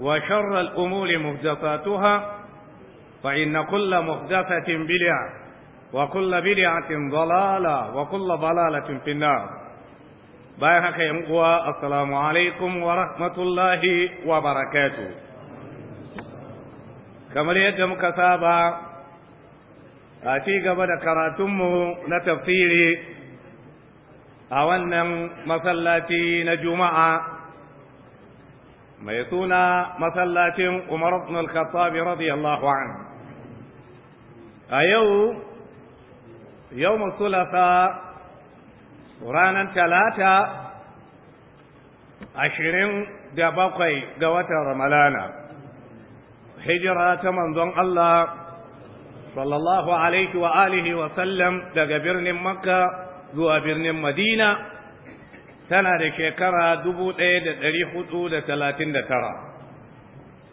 وشر الأمور محدثاتها فإن كل محدثة بدعة وكل بدعة ضلالة وكل ضلالة في النار بارك يمقوى السلام عليكم ورحمة الله وبركاته كما يدم كتابا أتي قبل كراتمه نتفسيري أولا مسلاتي نجمعا mai suna masallacin Umar ibn al-Khattab radiyallahu anhu a yau yau musulasa ranar talata ashirin da bakwai ga watan ramalana hijira ta manzon Allah sallallahu alaihi wa alihi wa sallam daga birnin makka zuwa birnin madina tana da shekara dubu ɗaya da ɗari hudu da talatin da tara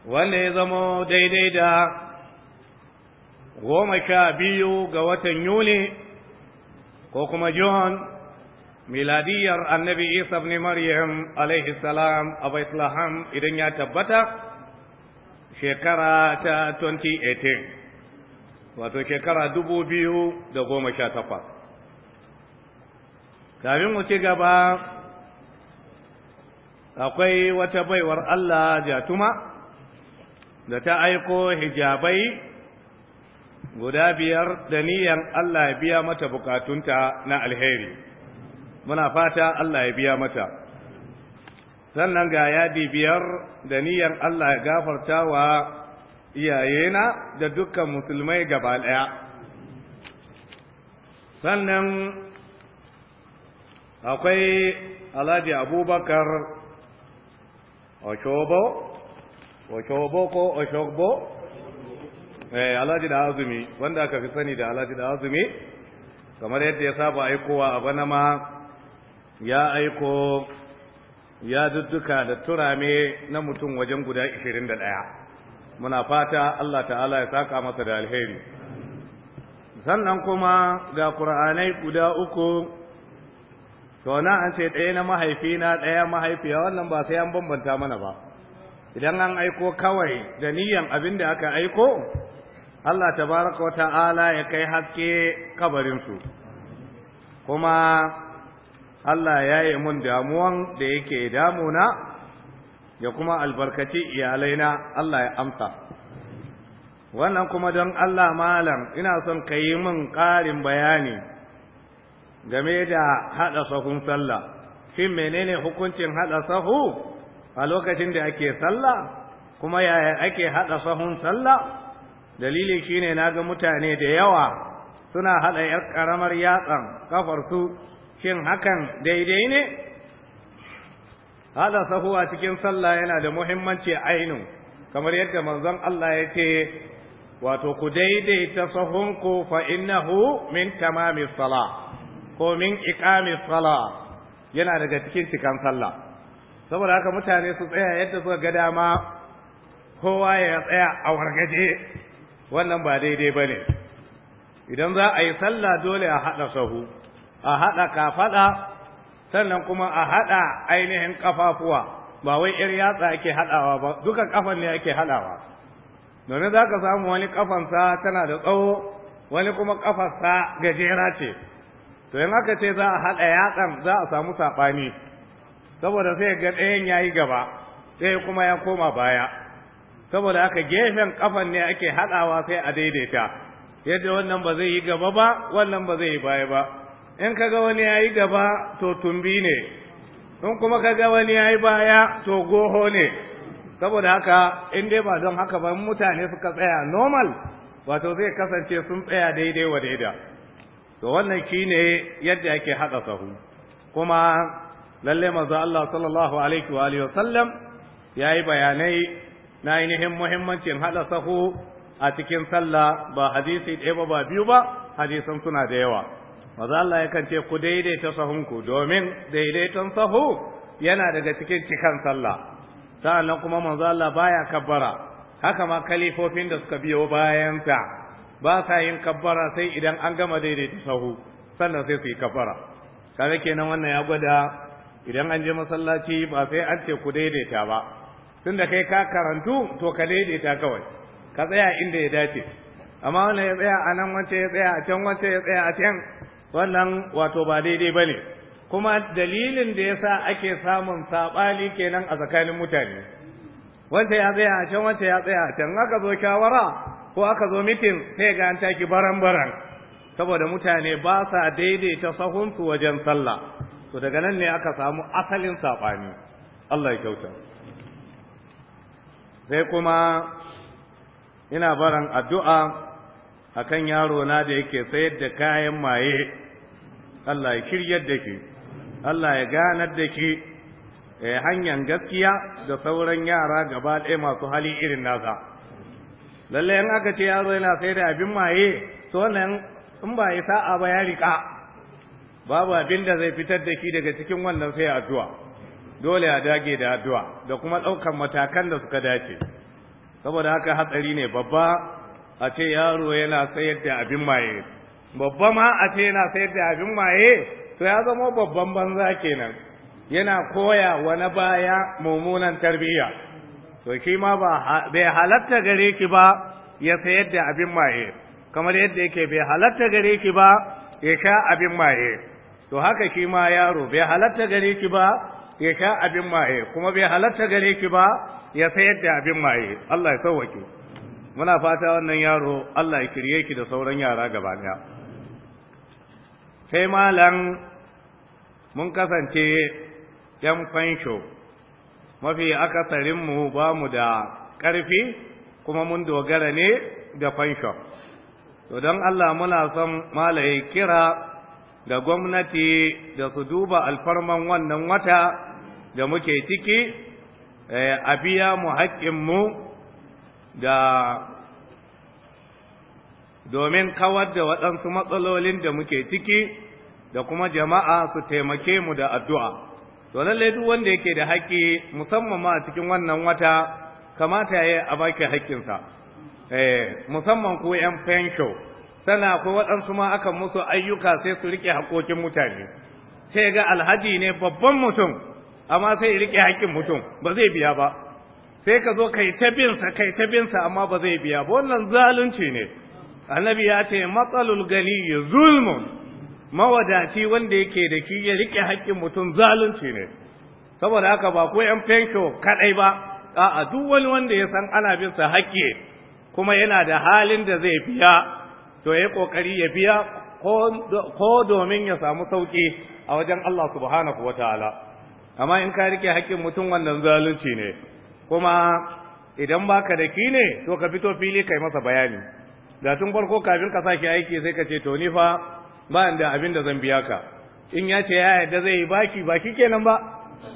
wanda ya zama daidai da goma sha biyu ga watan yuli ko kuma john miladiyar annabi isa ne maryam alaihi salam a baitlaham idan ya tabbata shekara ta 2018 wato shekara dubu biyu da goma sha takwas kafin mu ci gaba akwai wata baiwar Allah jatuma da ta aiko hijabai guda biyar da niyan Allah ya biya mata bukatunta na alheri muna fata Allah ya biya mata sannan ga yadi biyar da niyan Allah ya gafarta wa iyayena da dukkan musulmai gaba ɗaya sannan akwai alhaji abubakar oshobo oshobo ko oshogbo eh alhaji da azumi wanda aka fi sani da alhaji da azumi kamar yadda ya saba aikowa a bana ma ya aiko ya dudduka da turame na mutum wajen guda 21 muna fata Allah ta'ala ya saka masa da alheri sannan kuma ga ƙur'anai guda uku to nan an ce ɗaya na mahaifi na ɗaya mahaifiya wannan ba sai an bambanta mana ba idan an aiko kawai da niyan abin da aka aiko Allah tabaraka ta'ala ya kai haske kabarinsu kuma Allah ya yi mun damuwan da yake damuna ya kuma albarkaci iyalaina Allah ya amsa wannan kuma don Allah malam ina son ka yi min ƙarin bayani game da haɗa sahun sallah shin menene hukuncin haɗa sahu a lokacin da ake sallah kuma yaya ake haɗa sahun sallah dalili shine naga mutane da yawa suna haɗa yar ƙaramar yatsan ƙafarsu, shin hakan daidai ne haɗa sahu a cikin sallah yana da muhimmanci ainu kamar yadda manzon Allah ya ce wato ku daidaita sahunku fa innahu min tamamis salah ko min iqami sala yana daga cikin cikan sallah saboda haka mutane su tsaya yadda suka ga dama kowa ya tsaya a wargaje wannan ba daidai bane idan za a yi sallah dole a haɗa sahu a haɗa kafaɗa sannan kuma a haɗa ainihin kafafuwa ba wai ƴar yatsa ake haɗawa ba dukan kafan ne ake haɗawa domin za ka samu wani kafansa tana da tsawo wani kuma kafarsa gajera ce to in aka ce za a haɗa yatsan za a samu saɓani saboda sai ga ɗayan ya yi gaba ɗaya kuma ya koma baya saboda haka gefen kafan ne ake haɗawa sai a daidaita yadda wannan ba zai yi gaba ba wannan ba zai yi baya ba in kaga wani ya yi gaba to tumbi ne in kuma ga wani ya yi baya to goho ne saboda haka in dai ba don haka ba mutane suka tsaya normal wato zai kasance sun tsaya daidai wa daidai. to wannan shine yadda yake haɗa sahu kuma lalle manzo Allah sallallahu alaihi wa alihi wasallam yayi bayanai na ainihin muhimmancin haɗa sahu a cikin sallah ba hadisi ɗaya ba ba biyu ba hadisan suna da yawa manzo Allah yakan ce ku daidaita sahunku domin daidaiton sahu yana daga cikin cikan sallah sa'annan kuma manzo Allah baya kabbara haka ma kalifofin da suka biyo bayan ta ba sa yin kabbara sai idan an gama daidaita sahu sannan sai su yi kabbara kare kenan wannan ya gwada idan an je masallaci ba sai an ce ku daidaita ba Tun da kai ka karantu to ka daidaita kawai ka tsaya inda ya dace amma wannan ya tsaya a nan wance ya tsaya a can wance ya tsaya a can wannan wato ba daidai ba ne kuma dalilin da ya sa ake samun saɓali kenan a tsakanin mutane wanda ya tsaya a can wacce ya tsaya a can aka zo kyawara ko aka zo mitin sai ga an taki baran-baran saboda mutane ba sa daidaita sahunsu wajen sallah to daga nan ne aka samu asalin saɓani Allah ya kyauta sai kuma ina baran addu'a akan yaro na da yake sayar da kayan maye Allah ya kiryar da ke Allah ya ganar da ke eh, hanyar gaskiya da sauran yara gaba ɗaya masu hali irin nasa lalle in aka ce yaro yana sai da abin maye to nan in ba ya sa'a ba ya rika babu abin da zai fitar da ki daga cikin wannan sai addu'a dole a dage da addu'a da kuma ɗaukar matakan da suka dace saboda haka hatsari ne babba a ce yaro yana sayar da abin maye babba ma a ce yana sayar da abin maye to ya zama babban banza kenan yana koya wa na baya mummunan tarbiyya to shi ma ba bai halatta gare ki ba ya sayar da abin maye kamar yadda yake bai halatta gare ki ba ya sha abin maye to haka shi ma yaro bai halatta gare ki ba ya sha abin maye kuma bai halatta gare ki ba ya sayar da abin maye Allah ya sauwake muna fata wannan yaro Allah ya kirye ki da sauran yara gaba daya sai malam mun kasance yan fansho mafi akasarinmu ba mu da ƙarfi kuma mun dogara ne da fanshon to don Allah muna son malaye kira da gwamnati da su duba alfarman wannan wata da muke ciki eh, a biya mu haƙƙinmu da domin kawar da waɗansu matsalolin da muke ciki da kuma jama'a su taimake mu da addu'a. to lalle duk wanda yake da haƙƙi musamman ma a cikin wannan wata kamata ya yi a baki haƙƙinsa eh, musamman ko yan fensho sana ko waɗansu ma akan musu ayyuka sai su rike haƙoƙin mutane sai ga alhaji ne babban mutum amma sai rike haƙƙin mutum ba zai biya ba sai ka zo kai ta binsa kai ta binsa amma ba zai biya ba wannan zalunci ne annabi ya ce matsalul gani zulmun mawadaci wanda yake da ki ya rike haƙƙin mutum zalunci ne saboda haka ba ko yan fenko kaɗai ba a'a duk wani wanda ya san ana bin sa haƙƙi kuma yana da halin da zai biya to ya kokari ya biya ko domin ya samu sauƙi, a wajen Allah subhanahu wataala amma in ka rike haƙƙin mutum wannan zalunci ne kuma idan baka da ki ne to ka fito fili kai masa bayani da tun farko kafin ka sake aiki sai ka ce to ni fa ba da abin da zan biya ka in ya ce ya yadda zai yi baki baki kenan ba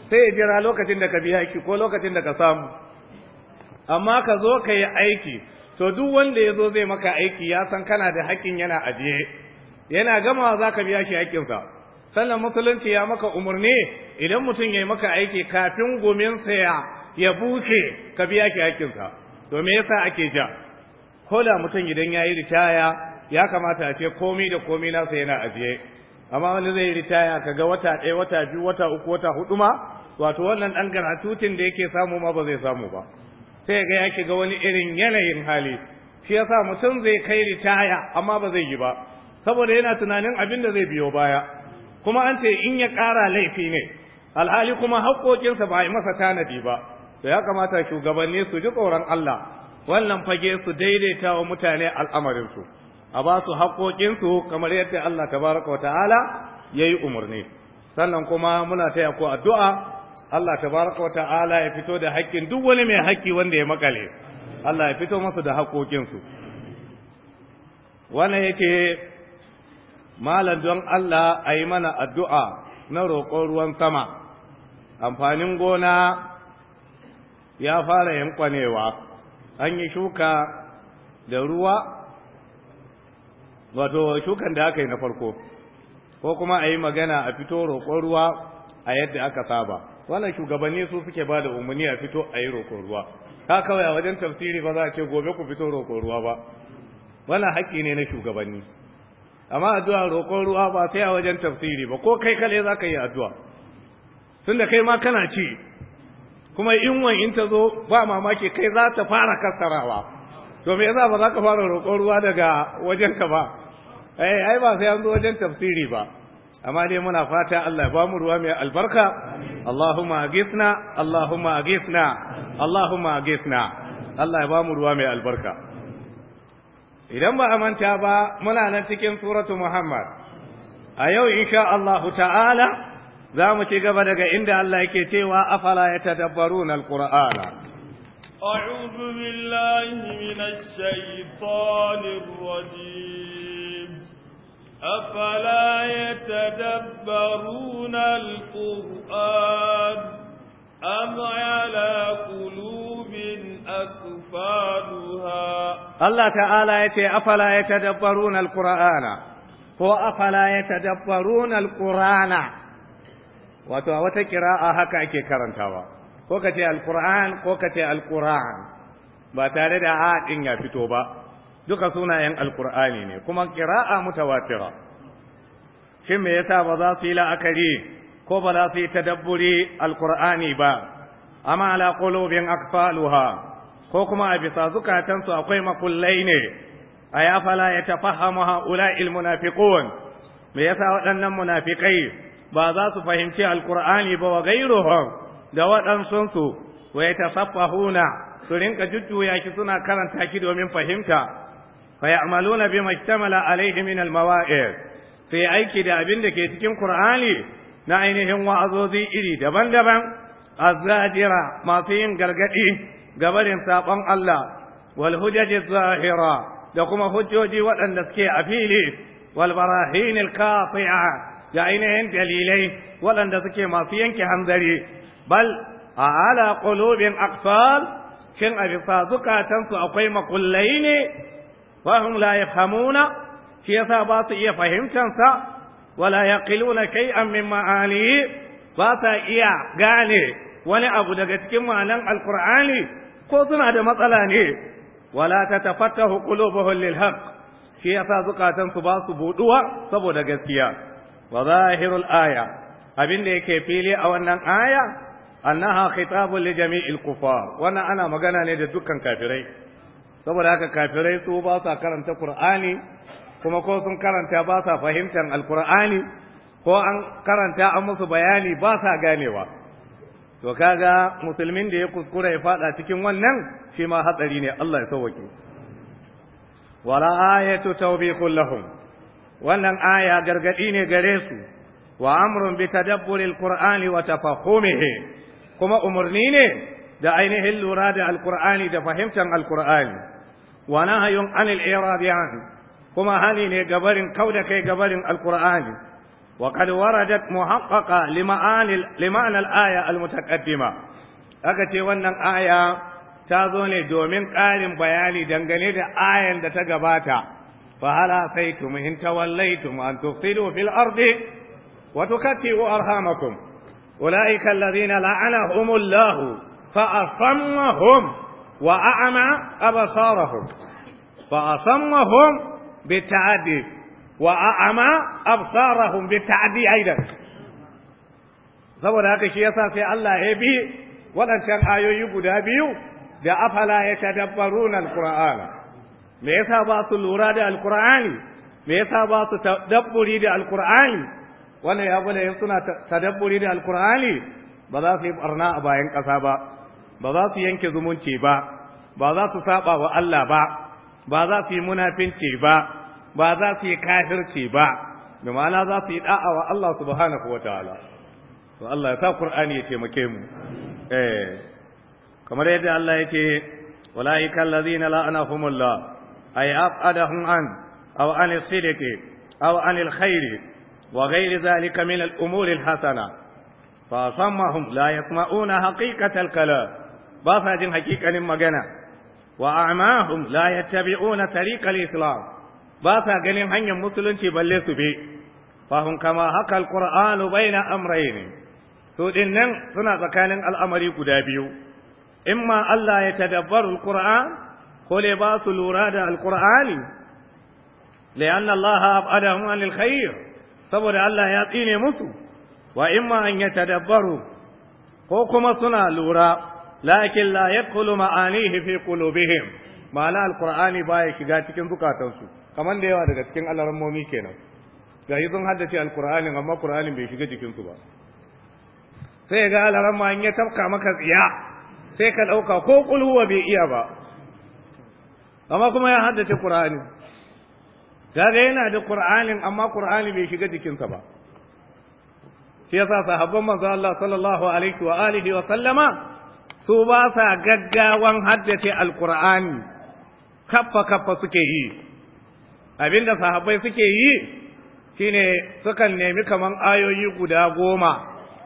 sai ya jira lokacin da ka biya ki ko lokacin da ka samu amma ka zo ka yi aiki to duk wanda ya zo zai maka aiki ya san kana da haƙƙin yana ajiye yana gamawa za ka biya shi haƙƙinsa sannan musulunci ya maka umarni idan mutum ya yi maka aiki kafin gominsa ya ya buke ka biya ki haƙƙinsa to me yasa ake ja ko da mutum idan ya yi ritaya ya kamata a ce komi da komi nasa yana ajiye amma wani zai ritaya kaga wata ɗaya wata biyu wata uku wata hudu ma wato wannan ɗan garatutin da yake samu ma ba zai samu ba sai ga ya ga wani irin yanayin hali shi yasa mutum zai kai ritaya amma ba zai yi ba saboda yana tunanin abin da zai biyo baya kuma an ce in ya ƙara laifi ne alhali kuma haƙoƙinsa ba a yi masa tanadi ba to ya kamata shugabanni su ji tsoron Allah wannan fage su daidaita wa mutane al'amarinsu a ba su haƙoƙinsu kamar yadda Allah tabaraka wa ta'ala ya yi umarni sannan kuma muna taya ku addu'a Allah tabaraka wa ta'ala ya fito da haƙƙin duk wani mai haƙƙi wanda ya makale Allah ya fito masa da haƙoƙinsu wannan ce malam don Allah a yi mana addu'a na roƙon ruwan sama amfanin gona ya fara yankwanewa an yi shuka da ruwa wato shukan da aka yi na farko ko kuma a yi magana a fito roƙon ruwa a yadda aka saba wannan shugabanni su suke ba da umarni a fito a yi roƙon ruwa ka kawai a wajen tafsiri ba za a ce gobe ku fito roƙon ruwa ba wannan haƙƙi ne na shugabanni amma addu'a roƙon ruwa ba sai a wajen tafsiri ba ko kai kale za ka yi addu'a tun da kai ma kana ci kuma in wan in ta zo ba mamaki kai za ta fara kassarawa to me yasa ba za ka fara roƙon ruwa daga wajenka ba eh ai ba sai an zo wajen tafsiri ba amma dai muna fata Allah ya ba mu ruwa mai albarka Allahumma aghithna Allahumma aghithna Allahumma aghithna Allah ya ba mu ruwa mai albarka idan ba a manta ba muna nan cikin suratu Muhammad a yau insha Allah ta'ala za mu ci gaba daga inda Allah yake cewa afala yatadabbaruna alqur'ana أعوذ بالله من الشيطان الرجيم أفلا يتدبرون القرآن أم على قلوب أكفالها الله تعالى يتي أفلا يتدبرون القرآن هو أفلا يتدبرون القرآن وتوت قراءة هكا كي كرنتها ko ka ce alkur'an ko ka ce alkur'an ba tare da haɗin ya fito ba duka sunayen alkur'ani ne kuma kira'a mutawatira shin me yasa ba za su yi la'akari ko ba za su yi tadabburi alkur'ani ba amma ala qulubin akfaluha ko kuma a bisa zukatansu akwai makullai ne a ya fala ya tafahamu ha'ula me yasa waɗannan munafikai ba za su fahimci alkur'ani ba wa gairuhum da waɗansunsu wa yatasaffahuna su rinka jujjuya ki suna karanta ki domin fahimta fa amalu na ihtamala alayhi min minal mawaid sai aiki da abin da ke cikin Qur'ani na ainihin wa'azozi iri daban-daban azajira masu yin gargadi gabarin sabon Allah wal hujaji zahira da kuma hujjoji waɗanda suke a fili wal barahin da ainihin dalilai waɗanda suke masu yanke hanzari bal a ala qulubin aqfal shin a bisa zukatansu akwai makullai ne fahim la yafhamuna shi yasa ba su iya fahimtansa wala yaqiluna kai'an min ma'anihi ba sa iya gane wani abu daga cikin ma'anan alqur'ani ko suna da matsala ne wala ta tatafattahu qulubuhum lil haqq shi yasa zukatansu ba su buduwa saboda gaskiya wa zahirul aya abinda da yake fili a wannan aya annaha khitabun li jami'il kufar wannan ana magana ne da dukkan kafirai saboda haka kafirai su ba sa karanta Qur'ani kuma ko sun karanta ba sa fahimtar Alqur'ani ko an karanta an musu bayani ba sa ganewa to kaga musulmin da ya kuskura ya fada cikin wannan shi ma hatsari ne Allah ya sauwake wala ayatu tawbiqul lahum wannan aya gargadi ne gare su wa amrun bi tadabburil qur'ani wa tafahumihi kuma umurni ne da ainihin lura da alqur'ani da fahimtar alqur'ani wa nahyun anil i'rab anhu kuma hali ne gabarin kauda kai gabarin alqur'ani wa qad waradat muhaqqaqa lima'anil lima'an al-aya al-mutaqaddima aka ce wannan aya ta zo ne domin ƙarin bayani dangane da ayan da ta gabata fa hala saitum in tawallaitum an tufsidu fil ardi wa tukatti'u arhamakum ulaika la'ana la'anahumullahu fa asammahum wa a'ama absarahum fa asammahum bita'adi wa a'ama absarahum bita'adi aidan saboda haka shi yasa sai Allah ya bi waɗancan ayoyi guda biyu da afala ya tadabbaruna alqur'ana me yasa ba su lura da alqur'ani me yasa ba su tadabburi da alqur'ani wannan ya gwada in suna tadabburi da alkur'ani ba za su yi barna a bayan ƙasa ba ba za su yanke zumunci ba ba za su saba wa Allah ba ba za su yi munafinci ba ba za su yi kafirci ba da ma'ana za su yi ɗa'a wa Allah subhanahu wa ta'ala to Allah ya sa Qur'ani ya taimake mu eh kamar yadda Allah yake ulaika la'ana la'anahumullah ay aqadahum an aw an as-sidq aw an al-khair wa ghayr dhalika min al-umuri al-hasana fa sammahum la yasma'una haqiqatal kalam ba sa jin hakikanin magana wa a'mahum la yattabi'una tariqal islam ba sa ganin hanyar musulunci balle su be. fa hum kama haka alquran baina amrayn to din nan suna tsakanin al'amari guda biyu imma Allah ya tadabbaru alquran ko le ba su lura da alqur'ani لأن الله أبعدهم عن الخير saboda Allah ya tsine musu wa imma an yatadabbaru ko kuma suna lura lakin la yadkhulu ma'anihi fi qulubihim ma'ana alqur'ani baya shiga cikin zukatansu kaman da yawa daga cikin alarmomi kenan ga yi sun haddace alqur'ani amma qur'anin bai shiga jikinsu ba sai ga alarma in ya tafka maka tsiya sai ka ɗauka ko kulhuwa bai iya ba amma kuma ya haddace qur'ani kaga yana da qur'anin amma qur'ani bai shiga jikinsa ba shi yasa sahabban manzo Allah sallallahu alaihi wa alihi wa sallama su ba sa gaggawan haddace alkur'ani kaffa kaffa suke yi abinda sahabbai suke yi shine sukan nemi kaman ayoyi guda goma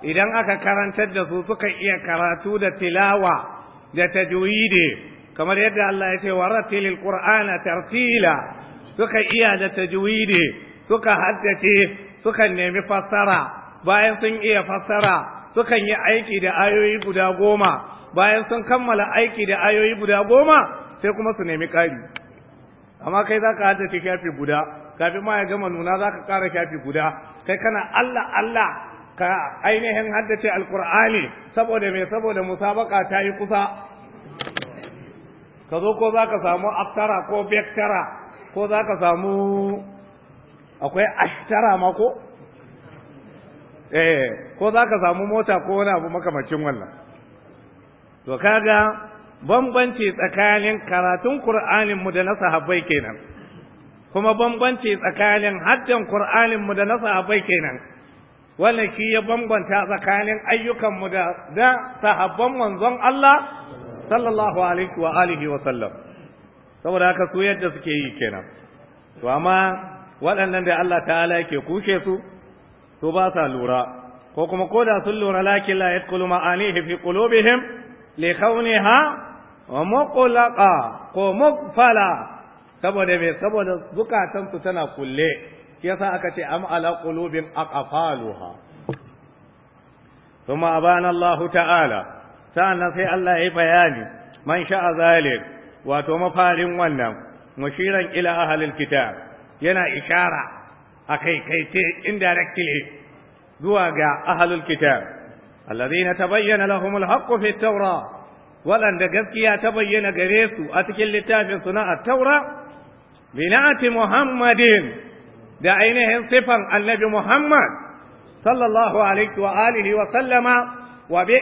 idan aka karantar da su suka iya karatu da tilawa da tajwidi kamar yadda Allah ya ce wa ratilil qur'ana tartila suka iya da tajwidi suka haddace suka nemi fassara bayan sun iya fassara sukan yi aiki da ayoyi guda goma bayan sun kammala aiki da ayoyi guda goma sai kuma su nemi ƙari amma kai za ka haddace shafi guda kafin ma ya gama nuna za ka ƙara shafi guda kai kana allah allah ka ainihin haddace alkur'ani saboda mai saboda musabaka ta yi kusa ka zo ko za ka samu aftara ko bektara ko za ka samu akwai ashtara ma ko eh, ko za ka samu mota ko wani abu makamacin wannan to kaga bambanci tsakanin karatun Qur'anin mu da na sahabbai kenan kuma bambanci tsakanin haddan Qur'anin mu da na sahabbai kenan wannan shi ya bambanta tsakanin ayyukan mu da da sahabban manzon Allah sallallahu alaihi wa alihi wa sallam saboda haka su yadda suke yi kenan to amma waɗannan da Allah ta'ala yake kushe su su ba sa lura ko kuma ko da sun lura lakin la yadkhulu ma'anihi fi qulubihim لكونها ومقلقا ko saboda me saboda zukatansu tana kulle yasa aka ce am ala qulubin aqfaluha thumma abana Allah ta'ala sa'annan sai Allah ya bayani man sha'a wato mafarin wannan mushiran ila ahlil kitab yana ishara akai kai ce indirectly zuwa ga ahlul kitab alladhina tabayyana lahumul haqqu fi at waɗanda gaskiya ta bayyana gare su a cikin littafin suna at-taura binati muhammadin da ainihin sifan annabi muhammad sallallahu alaihi wa alihi wa sallama wa bi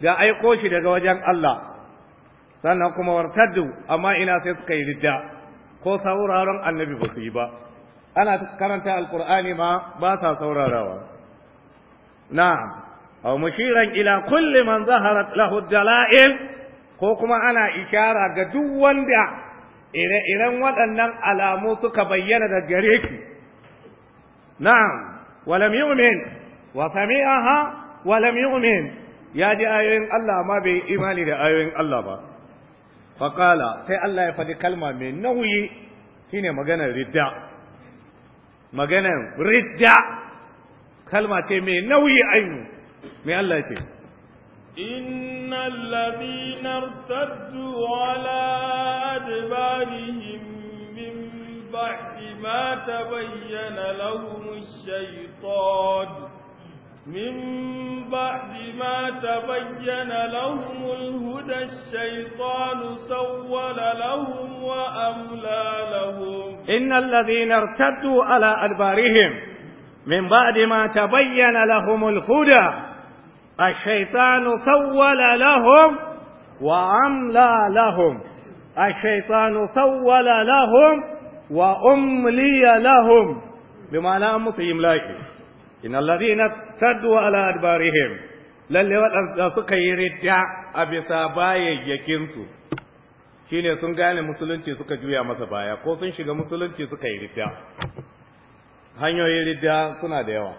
da aiko shi daga wajen Allah sannan kuma wartaddu amma ina sai suka yi ridda ko sauraron annabi ba su yi ba ana karanta alkur'ani ma ba sa saurarawa na'am aw mushiran ila kulli man zaharat ko kuma ana ishara ga duk wanda ire-iren waɗannan alamu suka bayyana da gare ki na'am walam yu'min wa ya ji ayoyin Allah ma bai yi imani da ayoyin Allah ba faƙala sai Allah ya faɗi kalma mai nauyi shine maganar ridda maganar ridda kalma ce mai nauyi ainu mai Allah ce innal ladina tattu ala adbarihim min ba'di ma tabayyana Min ash ma ta bayyana ما تبين لهم الهدى الشيطان سول لهم وأملى لهم إن الذين tattu ala أدبارهم من بعد ما تبين لهم الهدى الشيطان سول لهم وأملى لهم الشيطان سول لهم وأملي لهم بمعنى مصيم لاكي إن الذين ارتدوا على أدبارهم lalle waɗanda suka yi ridda a bisa bayayyakinsu shine sun gane musulunci suka juya masa baya ko sun shiga musulunci suka yi ridda hanyoyin ridda suna da yawa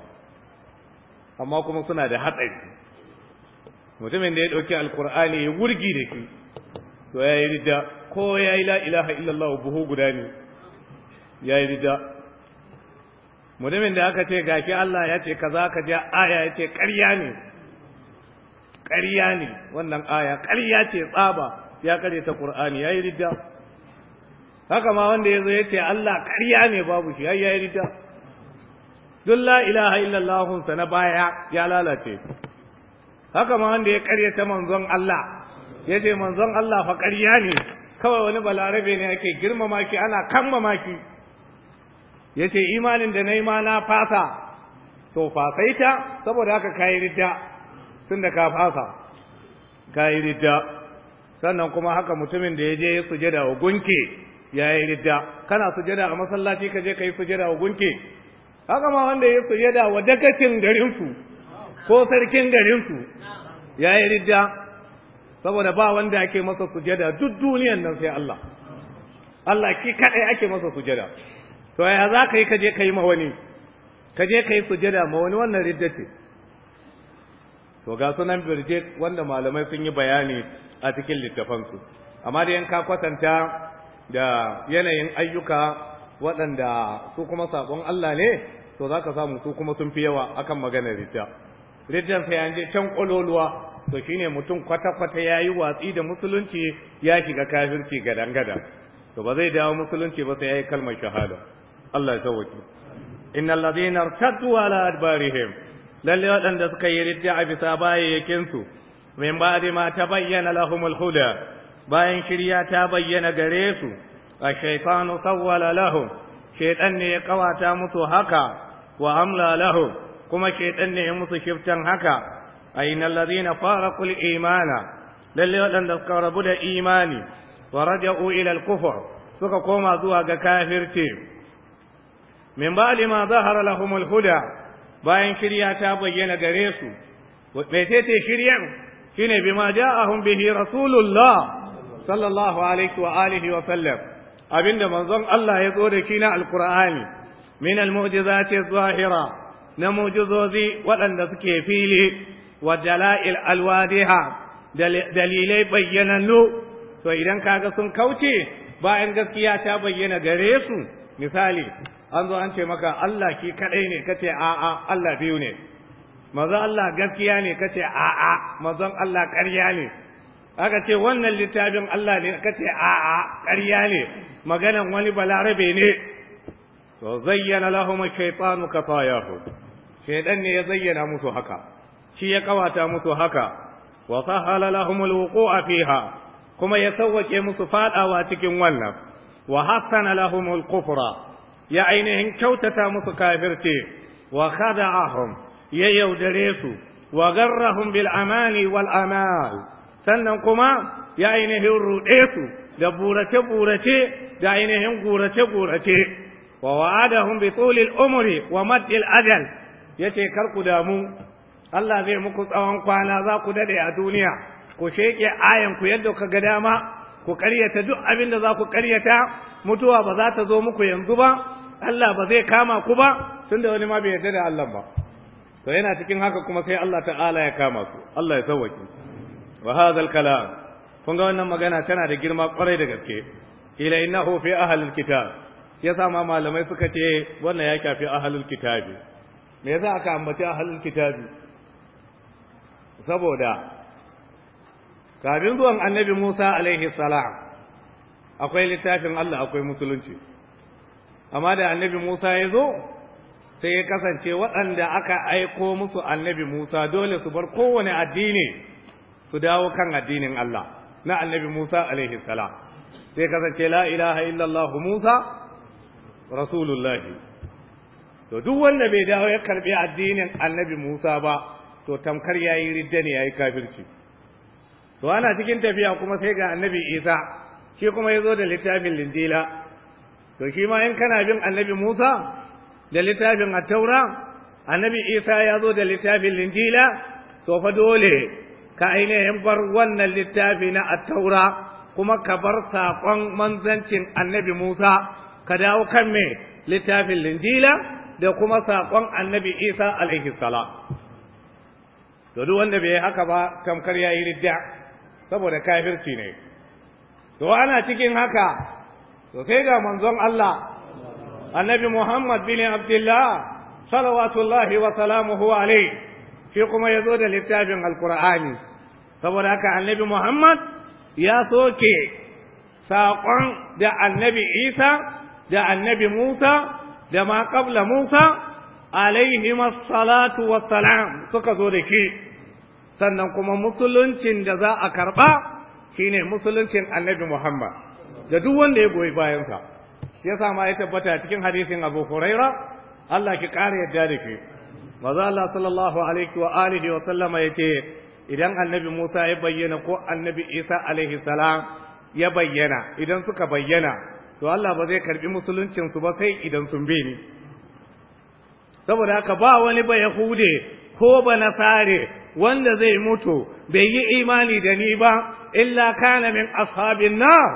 amma kuma suna da hatsari mutumin da ya ɗauki alkur'ani ya wurgi da ke, to ya yi ridda ko ya yi la'ilaha illallah buhu guda ne ya yi ridda mutumin da aka ce gafi Allah ya ce kaza ka ja aya ya ce ƙarya ne ƙarya ne wannan aya ƙarya ce tsaba ya kare ta ƙur'ani ya yi ridda haka ma wanda ya zo ya ce Allah ƙarya ne babu shi ya yi ridda duk la ilaha illallah sa na baya ya lalace haka ma wanda ya ta manzon Allah ya ce manzon Allah fa ƙarya ne kawai wani balarabe ne ake girmama ki ana kammama ki ya imanin da nayi ma na fasa to fasaita saboda haka kai ridda tun da ka fasa kai ridda sannan kuma haka mutumin da ya je ya sujada wa gunke ya ridda kana sujada a masallaci kaje je suje da sujada wa gunke haka ma wanda ya sujada wa dakacin garinsu ko sarkin garinsu ya yi ridda saboda ba wanda ake masa sujada duk duniyan nan sai Allah Allah ki kaɗai ake masa sujada to ya za ka yi ka je ka yi ma wani ka je ka yi sujada ma wani wannan ridda ce to ga sunan birje wanda malamai sun yi bayani a cikin littafansu amma da yanka kwatanta da yanayin ayyuka waɗanda su kuma saƙon Allah ne to za ka samu su kuma sun fi yawa akan maganar ridda riddan sai an je can ƙololuwa to shine mutum kwata-kwata ya yi watsi da musulunci ya shiga kafirci gadan-gadan to ba zai dawo musulunci ba sai ya yi kalmar shahada Allah ya sauwaki inna allazina irtaddu ala adbarihim lalle waɗanda suka yi ridda a bisa bayayyakin su min ba'di ma tabayyana lahumul huda bayan shirya ta bayyana gare su a shaytanu sawwala lahum shaytan ne ya ƙawata musu haka wa amla lahu kuma shaytan ne ya musu shiftan haka aynal ladina faraqu al imana Lallai wadanda suka rabu da imani wa raja'u ila al kufr suka koma zuwa ga kafirci min ba'di ma zahara lahum al huda bayan shirya ta bayyana gare su me shiryan shine bima ja'ahum bihi rasulullah sallallahu alaihi wa alihi wa sallam abinda manzon Allah ya zo da shi na alqur'ani min al-mu'jizati adh-dhahira na mu'jizozi waɗanda suke fili wa dala'il al-wadiha dalilai bayyanannu to idan kaga sun kauce bayan gaskiya ta bayyana gare su misali an zo an ce maka Allah ki kadai ne kace a'a Allah biyu ne manzon Allah gaskiya ne kace a'a manzon Allah ƙarya ne aka ce wannan littafin Allah ne kace a'a ƙarya ne maganan wani balarabe ne to zayyana lahum shaytanu qatayahu shaydan ne ya zayyana musu haka shi ya kawata musu haka wa sahala lahum alwuqu'a fiha kuma ya sauke musu fadawa cikin wannan wa hasana lahum alkufra ya ainihin kyautata musu kafirce wa khada'ahum ya yaudare su wa garrahum bil amani wal amal sannan kuma ya ainihin ruɗe su da burace-burace da ainihin gurace-gurace wa wa'adahum bi umri wa maddil ajal yace kar ku damu Allah zai muku tsawon kwana za ku dade a duniya ku sheke ayan ku yadda ka ga dama ku ƙaryata duk abin da za ku karyata mutuwa ba za ta zo muku yanzu ba Allah ba zai kama ku ba tunda wani ma bai yarda da Allah ba to yana cikin haka kuma sai Allah ta'ala ya kama su Allah ya sauwaki wa hadhal kalam kun ga wannan magana tana da girma kwarai da gaske ila innahu fi halin kitab Ya sa ma malamai suka ce wannan ya kafi ahalul kitabi me yasa aka ambaci ahalul kitabi saboda kafin zuwan annabi Musa alaihi salam akwai littafin Allah akwai musulunci amma da annabi Musa ya zo sai ya kasance waɗanda aka aiko musu annabi Musa dole su bar kowane addini su dawo kan addinin Allah na annabi Musa alaihi salam sai kasance la ilaha illallah Musa rasulullahi to duk wanda bai dawo ya karbi addinin annabi Musa ba to tamkar yayi ridda ne yayi kafirci to ana cikin tafiya kuma sai ga annabi Isa shi kuma yazo da littafin linjila to shi ma in kana bin annabi Musa da littafin at-taura annabi Isa yazo da littafin linjila to fa dole ka ainihin bar wannan littafi na at-taura kuma ka bar saƙon manzancin annabi Musa ka dawo kan me littafin linjila da kuma saƙon annabi isa alaihi sala. to duk wanda bai haka ba tamkar yi ridda saboda kafirci ne to ana cikin haka to sai ga manzon Allah annabi Muhammad bin Abdullah salawatullahi wa salamuhu shi kuma zo da littafin alkur'ani saboda haka annabi Muhammad ya soke saƙon da annabi Isa da annabi Musa da ma Musa alaihim salatu wassalam suka zo da ke sannan kuma musuluncin da za a karba shine musuluncin annabi Muhammad da duk wanda ya goyi bayansa Ya yasa ma ya tabbata cikin hadisin Abu Huraira Allah ki kare yadda da ke maza Allah sallallahu alaihi wa alihi wa sallama yace idan annabi Musa ya bayyana ko annabi Isa alaihi salam ya bayyana idan suka bayyana to Allah ba zai karbi musuluncinsu ba sai idan sun bi ni saboda haka ba wani ba yahude ko ba nasare wanda zai mutu bai yi imani da ni ba illa kana min ashabin nar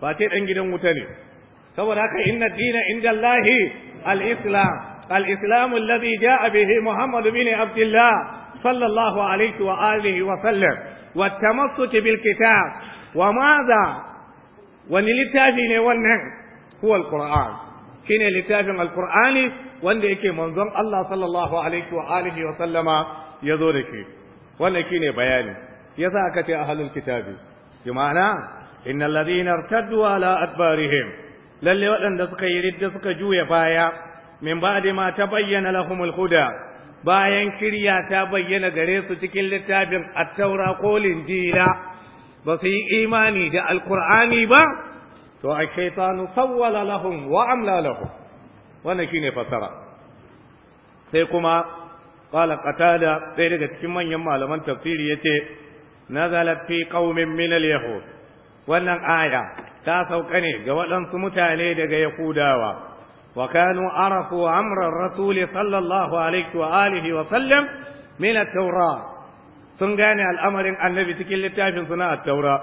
ba ce dan gidan wuta ne saboda haka inna dina inda Allah al-islam al-islam alladhi ja'a bihi Muhammad bin Abdullah صلى الله عليه وآله وسلم والتمسك بالكتاب وماذا wani littafi ne wannan huwa alquran shine littafin alqurani wanda yake manzon Allah sallallahu alaihi wa alihi wa sallama yazo da shi wannan shine bayani yasa aka ce ahlul kitabi bi ma'ana innal ladina irtaddu ala adbarihim lalle waɗanda suka yi ridda suka juya baya min ba'di ma tabayyana lahumul huda bayan kirya ta bayyana gare su cikin littafin attaura ko linjila ba su yi imani da alkur'ani ba to a shaitanu sawwala lahum wa amla lahum wannan shine fasara sai kuma qala qatada sai daga cikin manyan malaman tafsiri yace nazalat fi qaumin min al-yahud wannan aya ta sauka ne ga waɗansu mutane daga yahudawa wa kanu arafu amran rasuli sallallahu alaihi wa alihi wa sallam min at-taurat sun gane al'amarin annabi cikin littafin suna at-taura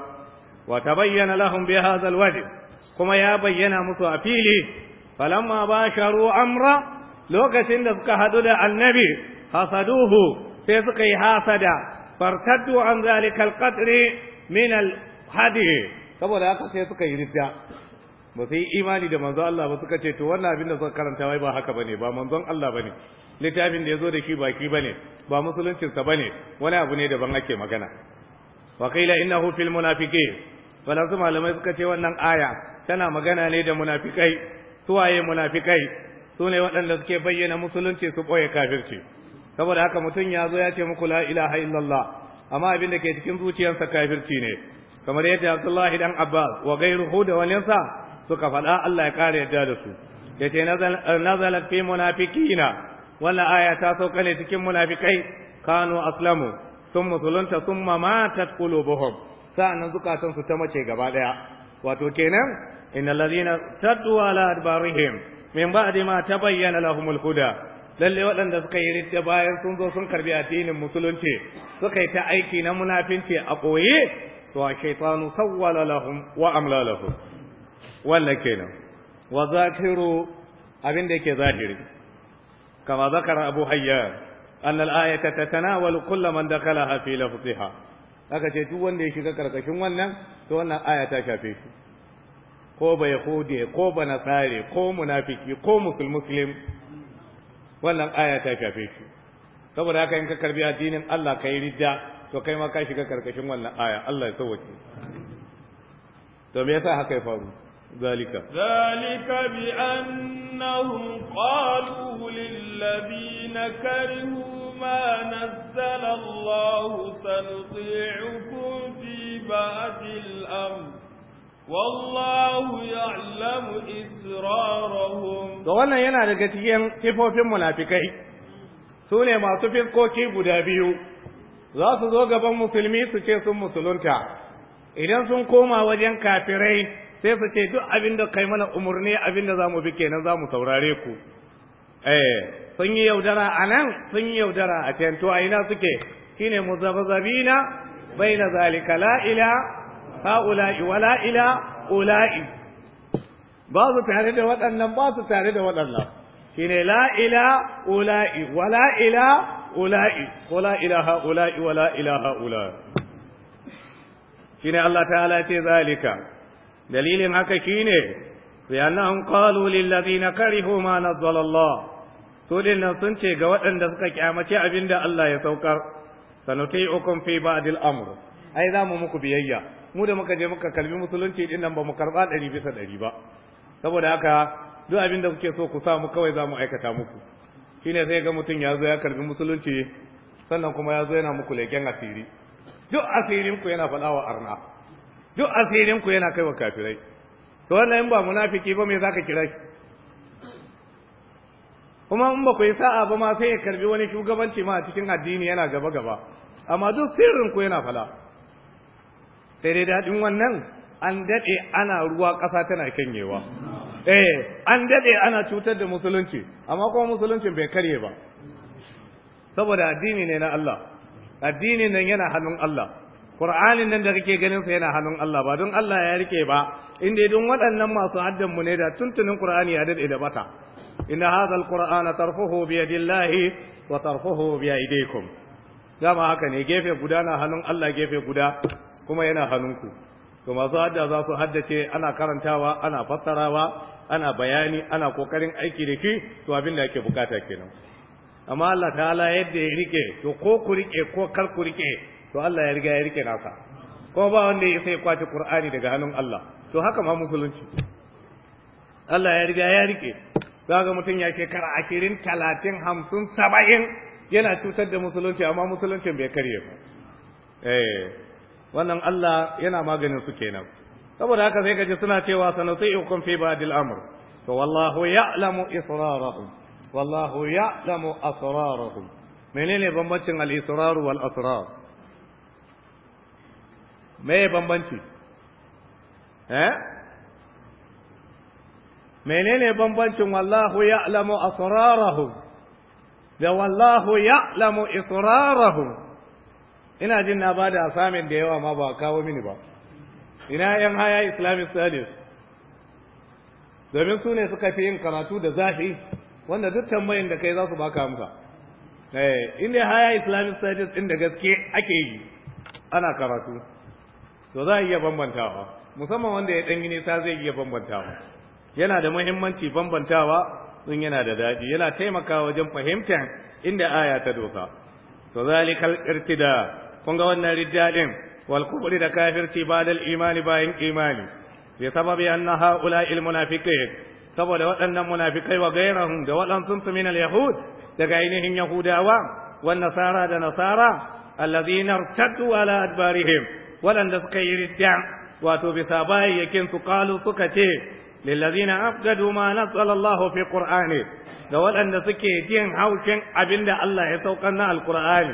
wa ta bayyana bi hadha al kuma ya bayyana musu a fili falamma basharu amra lokacin da suka haɗu da annabi hasaduhu sai suka yi hasada fartaddu an zalika al min al-hadi saboda haka sai suka yi ridda ba su yi imani da manzo Allah ba suka ce to wannan abin da suka karanta wai ba haka bane ba manzon Allah bane littafin da ya zo da shi baki ba ne ba musuluncinsa ba ne wani abu ne daban ake magana wa kaila innahu fil munafiqin walansu malamai suka ce wannan aya tana magana ne da munafikai suwaye munafikai su ne waɗanda suke bayyana musulunci su ɓoye kafirci saboda haka mutum ya zo ya ce muku la ilaha illallah amma abin da ke cikin zuciyarsa kafirci ne kamar yadda abdullahi dan abbas wa ruhu da waninsa suka faɗa allah ya ƙara yadda da su yace nazalat fi munafiqina wannan aya ta sauka ne cikin munafikai kanu aslamu sun musulunta sun mamatat qulubuhum sa'annan zukatan su ta mace gaba daya wato kenan innal ladina tadu ala adbarihim min ba'di ma tabayyana lahum huda lalle waɗanda suka yi ridda bayan sun zo sun karbi addinin musulunci suka yi ta aiki na munafinci a koye to a shaitanu sawwala lahum wa amla lahum wannan kenan wa zakiru abin da yake zahiri كما ذكر أبو حيان أن الآية تتناول كل من دخلها في لفظها aka ce duk wanda ya shiga karkashin wannan to wannan aya ta shafe shi ko ba yahude ko ba nasare ko munafiki ko musul wannan aya ta shafe shi saboda haka in ka karbi addinin Allah kai ridda to kai ma ka shiga karkashin wannan aya Allah ya sauke to me yasa haka ya faru ذلك ذلك بأنهم قالوا للذين كرهوا ما نزل الله سنطيعكم في بعد الأمر والله يعلم إسرارهم da ينا yana كيفو في sifofin munafikai su ne masu fiskoki guda biyu za su zo gaban musulmi su ce sun musulunta idan sun koma wajen kafirai sai su ce duk abin da kai mana umarni abin da za mu bi kenan za mu saurare ku eh sun yi yaudara a nan sun yi yaudara a can to a ina suke shine muzabazabina baina zalika la ila haula'i wala ila ula'i ba su tare da waɗannan ba su tare da waɗannan shine la ila ula'i wala ila ula'i wala ila haula'i wala ila haula'i shine Allah ta'ala ce zalika dalilin haka shine bi annahum qalu lil ladina karihu ma nazzala Allah su dinnan sun ce ga waɗanda suka kyamace abinda Allah ya saukar sanuti'ukum fi ba'dil amr ai za mu muku biyayya mu da muka je muka kalbi musulunci din nan ba mu karba ɗari bisa ɗari ba saboda haka duk abinda kuke so ku samu kawai za mu aikata muku shine sai ga mutum ya zo ya karbi musulunci sannan kuma ya zo yana muku leken asiri duk asirin ku yana faɗa wa arna duk asirin ku yana kai wa kafirai to wannan in ba munafiki ba me zaka kira shi kuma in ba ku yi sa'a ba ma sai ya karbi wani shugabanci ma a cikin addini yana gaba gaba amma duk sirrin ku yana fala sai dai daɗin wannan an daɗe ana ruwa ƙasa tana kanyewa eh an daɗe ana cutar da musulunci amma kuma musuluncin bai karye ba saboda addini ne na Allah addini nan yana hannun Allah Qur'anin nan da kake ganin sa yana hannun Allah ba don Allah ya rike ba inda dai don waɗannan masu haddan mu ne da tuntunin Qur'ani ya dade da bata inna hadzal qur'ana tarfuhu bi yadillahi wa tarfuhu bi aydikum dama haka ne gefe guda na hannun Allah gefe guda kuma yana hannunku to masu hadda za su haddace ana karantawa ana fassarawa ana bayani ana kokarin aiki da shi to abin da yake bukata kenan amma Allah ta'ala yadda ya rike to ko ku rike ko kar ku rike to Allah ya riga ya rike nasa ko ba wanda ya sai kwace Qur'ani daga hannun Allah to haka ma musulunci Allah ya riga ya rike ga mutum ya shekara ashirin talatin hamsin saba'in yana cutar da musulunci amma musuluncin bai karye ba eh wannan Allah yana maganin su kenan saboda haka sai kaje suna cewa sanuti'ukum fi ba'dil amr to wallahu ya'lamu israrahum wallahu ya'lamu asrarahum menene bambancin al israru wal asrar me bambanci eh menene bambancin wallahu ya'lamu asrarahum da wallahu ya'lamu israrahum ina jin na bada asamin da yawa ma ba kawo mini ba ina yan haya islamic studies domin su ne suka fi yin karatu da zafi wanda duk tambayin da kai za su baka amsa eh inda haya islamic studies inda da gaske ake yi ana karatu to za a iya bambantawa musamman wanda ya ɗanyi nisa zai iya bambantawa yana da muhimmanci bambantawa sun yana da daɗi yana taimakawa wajen fahimtar inda aya ta dosa to zalikal irtida kun ga wannan rijalin wal da kafirci badal imani bayan imani bi sababi anna haula ilmunafikai saboda waɗannan munafikai wa gairahum da waɗansu su min yahud daga ainihin yahudawa wa nasara da nasara alladhina irtaddu ala adbarihim waɗanda suka yi ridda wato bisa bayayyakin su Kalu suka ce na afgadu ma nasallallahu fi qur'ani ga waɗanda suke jin haushin abinda Allah ya sauka na alqur'ani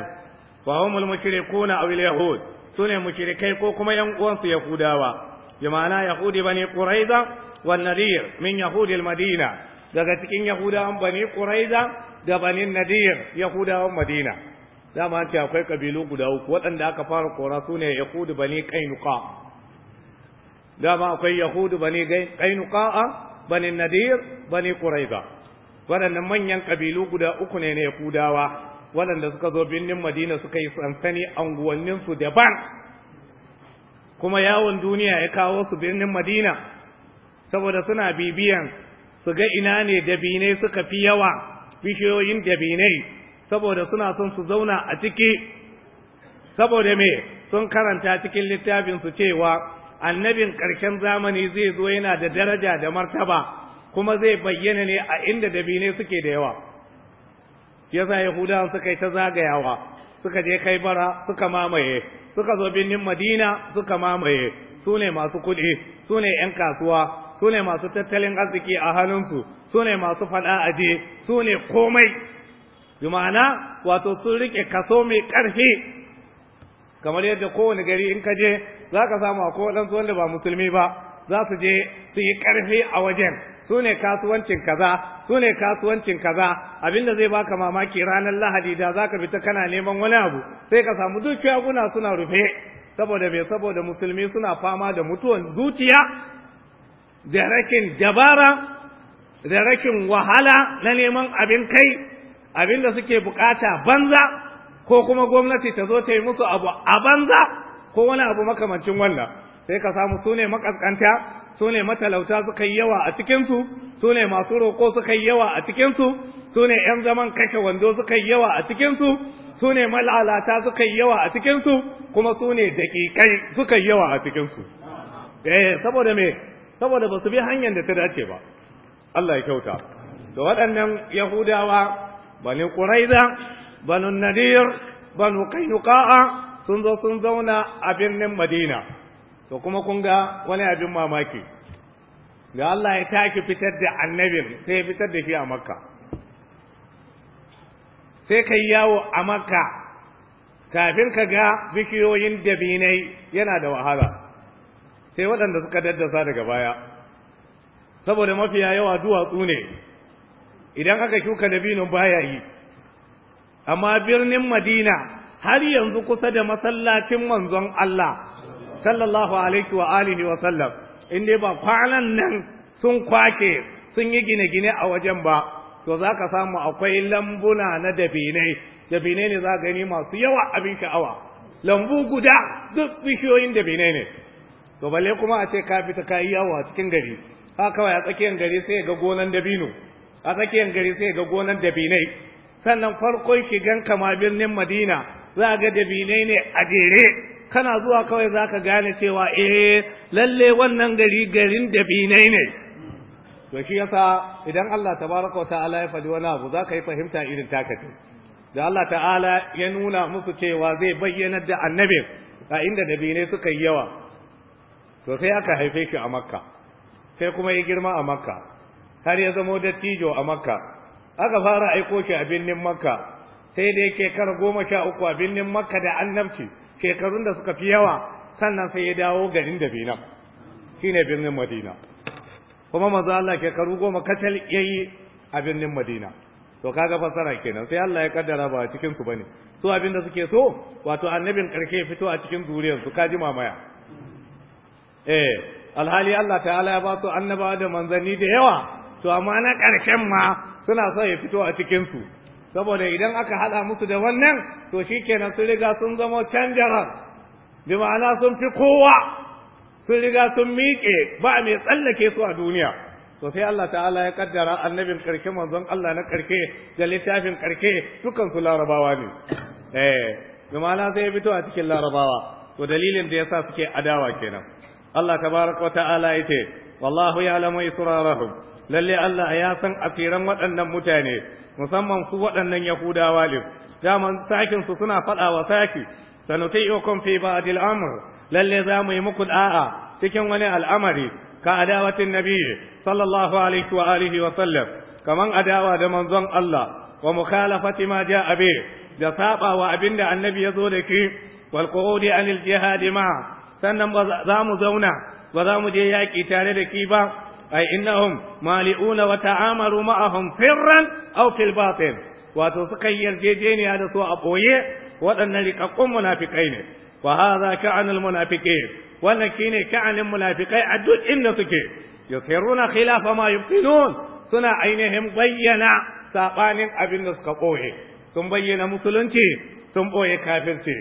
wa humul mushrikuna aw al yahud sune mushrikai ko kuma yan uwansu yahudawa jama'a yahudi bani quraiza wan nadir min yahudi al madina daga cikin yahudawan bani quraiza da bani nadir yahudawan madina dama ce akwai kabilu guda uku waɗanda aka fara kora su ne yahudu bani kainuka dama akwai yahudu bani kainuka bani nadir bani quraiza waɗannan manyan ƙabilu guda uku ne na yahudawa waɗanda suka zo birnin madina suka yi sansani anguwanninsu daban kuma yawon duniya ya kawo su birnin madina saboda suna bibiyan su ga ina ne dabinai suka fi yawa bishiyoyin dabinai saboda suna son su zauna a ciki saboda me sun karanta cikin littafinsu cewa annabin ƙarshen zamani zai zo yana da daraja da martaba kuma zai bayyana ne a inda dabine suke da yawa yasa yahudawa suka yi ta zagayawa suka je kai bara suka mamaye suka zo birnin madina suka mamaye su masu kuɗi su ne 'yan kasuwa su masu tattalin arziki a hannunsu su ne masu faɗa aje sune komai bi ma'ana wato sun rike kaso mai karfi kamar yadda kowane gari in ka je za ka samu a su wanda ba musulmi ba za su je su yi ƙarfi a wajen su ne kasuwancin kaza su ne kasuwancin kaza abinda zai baka mamaki ranar lahadi da za ka fita kana neman wani abu sai ka samu duk shaguna suna rufe saboda bai saboda musulmi suna fama da mutuwan zuciya da rakin dabara da rakin wahala na neman abin kai abinda suke bukata banza ko kuma gwamnati ta zo ta yi musu abu a banza ko wani abu makamancin wannan sai ka samu su ne makaskanta su ne matalauta suka yi yawa a cikinsu su ne masu roƙo suka yi yawa a cikinsu su ne ‘yan zaman kashe wando suka yi yawa a cikinsu su ne malalata suka yi yawa a cikinsu kuma su ne daƙiƙai suka yi yawa a cikinsu eh saboda me saboda ba su bi hanyar da ta dace ba Allah ya kyauta to waɗannan yahudawa bani quraiza banu nadir banu kainuka'a sun zo sun zauna a birnin madina to kuma kun ga wani abin mamaki da Allah ya tashi fitar da annabin sai ya fitar da shi a makka sai yi yawo a makka kafin ka ga bikiyoyin dabinai yana da wahala sai waɗanda suka daddasa daga baya saboda mafiya yawa duwatsu ne idan aka shuka dabino baya yi amma birnin madina har yanzu kusa da masallacin manzon Allah sallallahu alaihi wa alihi wa sallam in ba kwanan nan sun kwake sun yi gine-gine a wajen ba to za ka samu akwai lambuna na dabinai dabinai ne za gani masu yawa abin sha'awa lambu guda duk bishiyoyin dabinai ne to balle kuma a ce ka fita ka yi yawo cikin gari ka kawai a tsakiyar gari sai ga gonan dabino a tsakiyar gari sai ga gonar dabinai sannan farkon shigan kama birnin madina za ga dabinai ne a jere kana zuwa kawai za ka gane cewa eh lalle wannan gari garin dabinai ne to shi yasa idan Allah tabaraka ta'ala ya faɗi wani abu za ka yi fahimta irin takati da Allah ta'ala ya nuna musu cewa zai bayyana da annabi. a inda dabinai suka yi yawa to sai aka haife shi a makka sai kuma ya girma a makka har ya zamo dattijo a makka aka fara aiko shi a birnin makka sai dai shekara goma sha uku a birnin makka da annabci shekarun da suka fi yawa sannan sai ya dawo garin da bina shine birnin madina kuma manzo Allah shekaru goma kacal yayi a birnin madina to kaga fasara kenan sai Allah ya kaddara ba cikin su bane su abin da suke so wato annabin karshe fito a cikin zuriyar su kaji mamaya eh alhali Allah ta'ala ya ba su annabawa da manzanni da yawa to amma na ƙarshen ma suna so ya fito a cikinsu saboda idan aka haɗa musu da wannan to shi kenan sun riga sun zama canjaran, bi ma'ana sun fi kowa sun riga sun miƙe ba mai tsallake su a duniya to sai Allah ta'ala ya kaddara annabin ƙarshe manzon Allah na ƙarshe da littafin ƙarshe dukan su larabawa ne eh bi ma'ana sai ya fito a cikin larabawa to dalilin da yasa suke adawa kenan Allah tabaraka wa ta'ala yace wallahu ya'lamu israrahum lalle Allah ya san asiran waɗannan mutane musamman su waɗannan Yahudawa ne daman sakin su suna faɗa wa saki sanuti'ukum fi ba'dil amr lalle za mu yi muku da'a cikin wani al'amari ka adawatin nabiyyi sallallahu alaihi wa alihi wa sallam kaman adawa da manzon Allah wa mukhalafati ma ja'a bi da saba wa abinda annabi ya zo da ki wal qu'udi anil jihad ma sannan za mu zauna ba za mu je yaƙi tare da ki ba a ai innahum mali'una wata amaru ma'ahum firran aw fil batil wato suka yi yarjejeniya da su a ɓoye waɗannan riƙaƙƙun munafikai ne wa hadha ka'anul munafiqin wannan shine ka'anin munafikai a duk inda suke yusiruna khilafa ma suna ainihin bayyana saɓanin abin da suka ɓoye, sun bayyana musulunci sun boye kafirci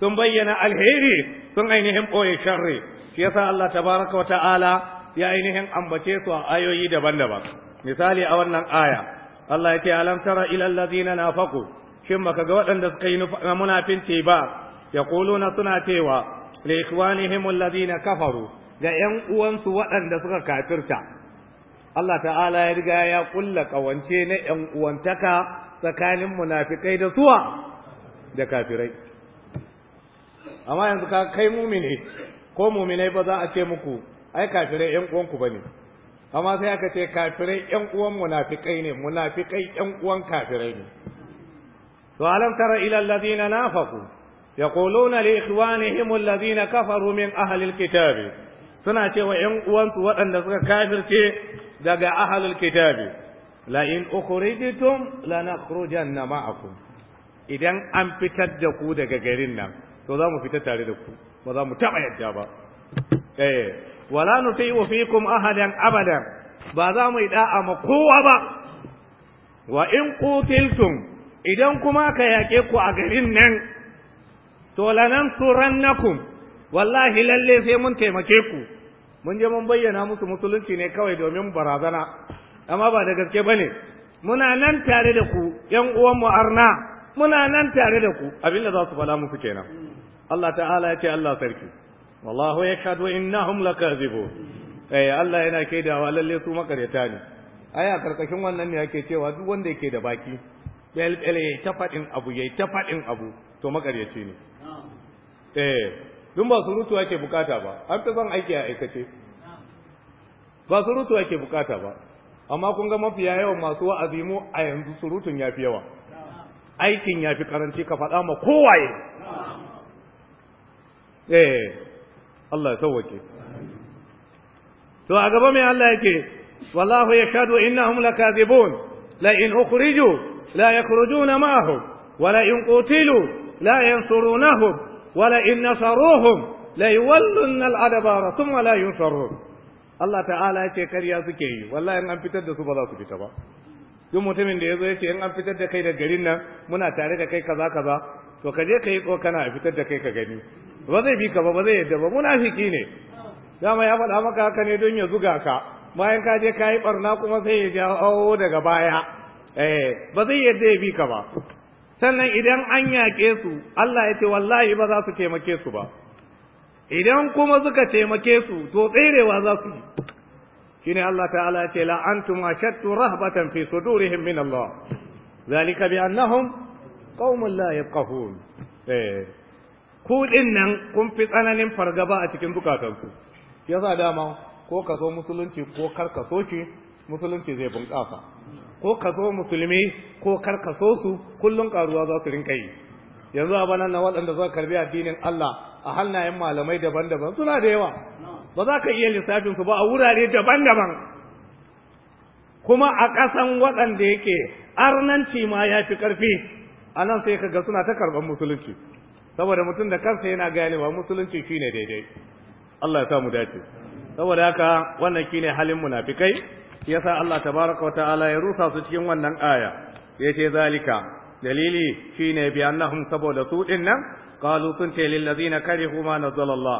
sun bayyana alheri sun ainihin boye sharri shi yasa Allah tabaraka wa ta'ala ya ainihin ambace su a ayoyi daban-daban misali a wannan aya Allah ya ce alam tara ila allazina nafaqu shin baka ga waɗanda suka yi munafinci ba yaquluna suna cewa li ikhwanihim allazina kafaru ga ƴan uwansu waɗanda suka kafirta Allah ta'ala ya riga ya kulla kawance na 'yan uwantaka tsakanin munafikai da suwa da kafirai amma yanzu ka kai mumine ko mumine ba za a ce muku ai kafirai yan uwanku bane amma sai aka ce kafirai yan uwan munafikai ne munafikai yan uwan kafirai ne to alam tara ila alladhina nafaqu yaquluna li ikhwanihim alladhina kafaru min ahli alkitab suna cewa yan uwansu waɗanda suka kafirce daga ahli alkitab la in ukhrijtum lanakhrujanna ma'akum idan an fitar da ku daga garin nan to za mu fita tare da ku ba za mu taɓa yadda ba eh wala nuti'u fiikum ahadan abadan ba za mu yi da'a ma kowa ba wa in qutiltum idan kuma ka yake ku a garin nan to lanansurannakum wallahi lalle sai mun taimake ku mun je mun bayyana musu musulunci ne kawai domin barazana amma ba da gaske bane muna nan tare da ku yan uwan mu arna muna nan tare da ku abinda za su fada musu kenan Allah ta'ala ya ce Allah sarki wallahu ya kadu innahum lakazibun eh Allah yana wa lalle su makaryata ne ai a karkashin wannan ne yake cewa duk wanda yake da baki bel bel ya ta fadin abu yayi ta fadin abu to makaryaci ne eh dun ba surutu yake bukata ba an ta zan aiki a aikace ba surutu yake bukata ba amma kun ga mafiya yawan masu wa'azi mu a yanzu surutun yafi yawa aikin yafi karanci ka faɗa ma kowaye eh Allah ya tawake to a gaba mai Allah yake wallahu yashhadu innahum lakazibun la in ukhriju la yakhrujuna ma'ahum wa la in qutilu la yansurunahum wa la in nasaruhum la yawallunna al-adbara thumma la yunsaruhum Allah ta'ala ya ce karya suke yi wallahi in an fitar da su ba za su fita ba duk mutumin da ya zo ya in an fitar da kai da garin nan muna tare da kai kaza kaza to ka je ka yi kokana kana fitar da kai ka gani ba zai bi ka ba ba zai yadda ba munafiki ne dama ya faɗa maka haka ne don ya zuga ka bayan ka je ka yi barna kuma sai ya jawo daga baya eh ba zai yadda ya bi ka ba sannan idan an yaƙe su Allah ya ce wallahi ba za su taimake su ba idan kuma suka taimake su to tserewa za su yi shine Allah ta'ala ya ce la antum ashaddu rahbatan fi sudurihim min Allah zalika bi annahum qaumun la yafqahun eh ku din nan kun fi tsananin fargaba a cikin Ya sa dama ko ka so musulunci ko kar ka so shi musulunci zai bunƙasa ko ka so musulmi ko kar ka so su kullum karuwa za su rinka yi yanzu a bana na waɗanda za karbi addinin Allah a hannayen malamai daban-daban suna da yawa ba za ka iya lissafin su ba a wurare daban-daban kuma a ƙasan waɗanda yake arnanci ma ya fi ƙarfi a nan sai ka ga suna ta karɓar musulunci saboda mutum da kansa yana ganewa musulunci shine daidai Allah ya samu dace saboda haka wannan shine halin munafikai yasa Allah tabaraka wataala ya rusa su cikin wannan aya yace zalika dalili shine bi annahum saboda su din nan qalu sun ce lil ladina karihu ma nazzalallah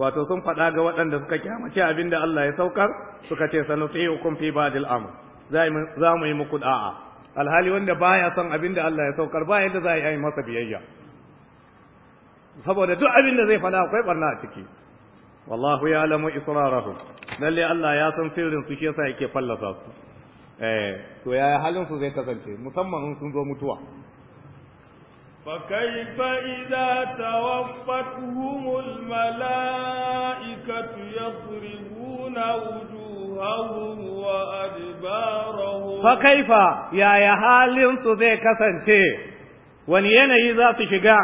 wato sun faɗa ga waɗanda suka kyamace abinda Allah ya saukar suka ce sanuti'ukum fi ba'dil amr za mu yi muku da'a alhali wanda baya son abinda Allah ya saukar ba yadda za a yi masa biyayya saboda duk abin da zai fada akwai barna a ciki wallahu ya alamu israrahu Lallai Allah ya san sirrin su shi yake fallasa su eh, to yaya halin su zai kasance musamman sun zo mutuwa fa kayfa idza tawaffatuhum al malaikatu yadribuna wujuhahum wa adbarahum fa kayfa yaya halin su zai kasance wani yanayi za su shiga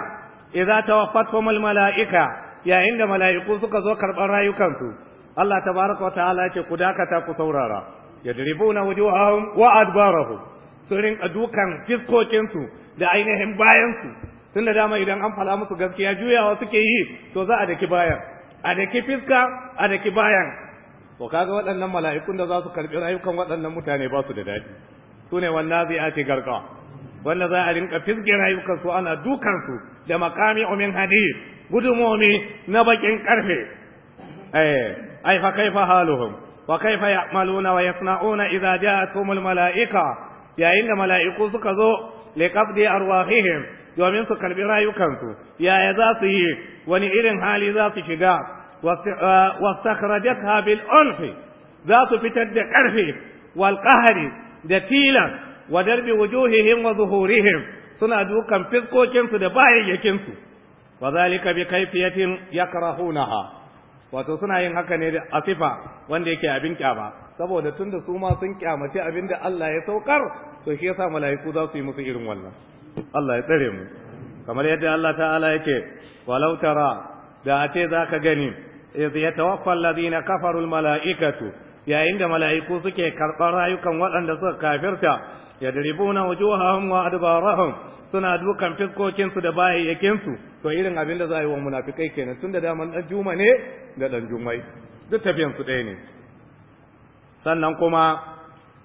idza tawaffathumul malaika yayin da mala'iku suka zo karɓar rayukansu Allah tabaraka wa ta'ala yake ku dakata ku saurara yadribuna wujuhahum wa adbarahum su rinka dukan fiskokinsu da ainihin bayansu tunda dama idan an fala musu gaskiya juyawa suke yi to za a daki bayan a daki fiska a daki bayan to kaga waɗannan mala'ikun da za su karɓi rayukan waɗannan mutane ba su da daɗi su ne wannan zai ake garka wanda za a rinka fisge rayukansu ana dukansu da makami umin hadid gudumomi na bakin karfe eh ai fa kaifa haluhum wa kaifa ya'maluna wa yasna'una idza ja'atuhumul mala'ika yayin da mala'iku suka zo liqabdi arwahihim domin su karbi rayukansu yaya za su yi wani irin hali za su shiga eh, wastakhrajatha bil unfi za su fitar da karfe wal da tilas wa darbi wujuhihim wa zuhurihim suna dukan fiskokinsu da bayayyakinsu wa zalika bi kayfiyatin yakrahunaha wato suna yin haka ne da asifa wanda yake abin kyama saboda tunda su ma sun kyamaci abin da Allah ya saukar to shi yasa mala'iku za su yi musu irin wannan Allah ya tsare mu kamar yadda Allah ta'ala yake walau tara da a ce ka gani iz yatawaffa alladhina kafaru almala'ikatu yayin da mala'iku suke karɓar rayukan waɗanda suka kafirta yadribuna wujuhahum wa adbarahum suna dukan fiskokin su da bayayyakin su to irin abin da za yi wa munafikai kenan tunda daman dan juma ne da dan jumai duk tafiyan su ɗaya ne sannan kuma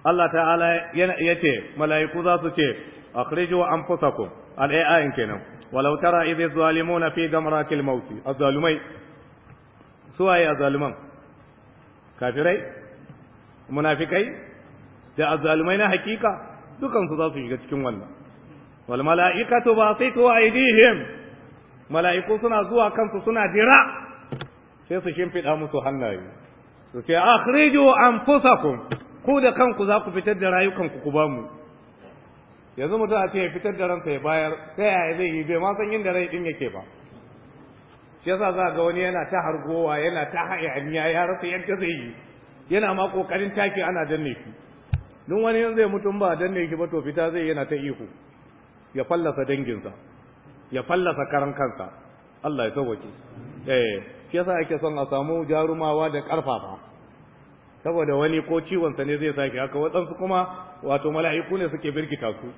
Allah ta'ala ya ce mala'iku za su ce akhriju anfusakum al-a'in kenan walau tara idh zalimuna fi gamratil maut az Su suwaye azaluman kafirai munafikai da azalumai na hakika dukansu za su shiga cikin wannan wal mala'ikatu basitu aydihim mala'iku suna zuwa kansu suna jira sai su shimfiɗa musu hannaye su ce akhriju anfusakum ku da kanku za ku fitar da rayukanku ku ba mu yanzu mutum a ce ya fitar da ransa ya bayar sai ya zai yi bai ma san inda rai din yake ba shi yasa za ga wani yana ta hargowa yana ta hayaniya ya rasa yadda zai yi yana ma kokarin taki ana danne shi don wani yanzu zai mutum ba dan ne ba to fita zai yana ta ihu ya fallasa danginsa ya fallasa karan kansa Allah ya sauwake eh shi yasa ake son a samu jarumawa da karfafa saboda wani ko ciwon sa ne zai sake haka wadansu kuma wato mala'iku ne suke birkita su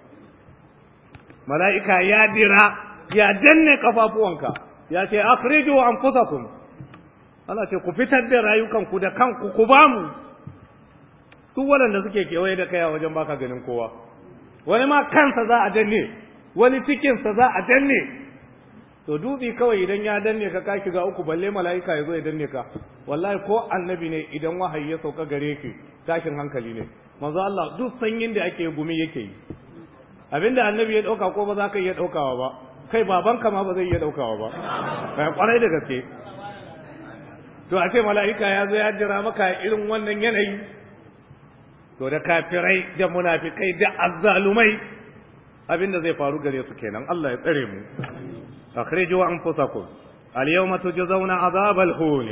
mala'ika ya dira ya danne kafafuwanka ya ce kusa anfusakum Allah ce ku fitar da rayukanku da kanku ku bamu duk waɗanda suke kewaye da kaya wajen baka ganin kowa wani ma kansa za a danne wani cikinsa za a danne to dubi kawai idan ya danne ka ka shiga uku balle mala'ika ya ya danne ka wallahi ko annabi ne idan wahayi ya sauka gare ki tashin hankali ne manzo Allah duk sanyin da ake gumi yake yi abinda annabi ya dauka ko ba za ka iya daukawa ba kai babanka ma ba zai iya daukawa ba kai eh, kwarai da gaske to a ce mala'ika ya zo ya jira maka irin wannan yanayi to da kafirai da munafikai da azzalumai abinda zai faru gare su kenan Allah ya tsare mu akhrijū anfusakum al tujzauna 'adhābal hūn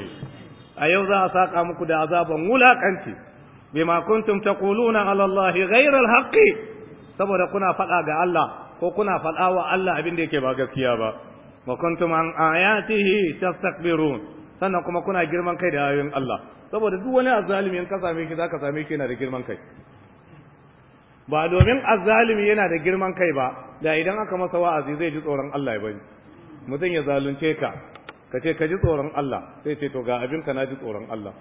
a yau za a saka muku da azaban wulakanci bima kuntum taquluna 'ala Allahi ghayra al saboda kuna faɗa ga Allah ko kuna faɗa wa Allah abin da yake ba gaskiya ba wa kuntum an ayatihi tastakbirun sannan kuma kuna girman kai da ayoyin Allah saboda duk wani azzalimi in ka same ki zaka same ki yana da girman kai ba domin azzalimi yana da girman kai ba da idan aka masa wa'azi zai ji tsoron Allah ya bari mutum ya zalunce ka ka ce ka ji tsoron Allah sai ce to ga abin ka na ji tsoron Allah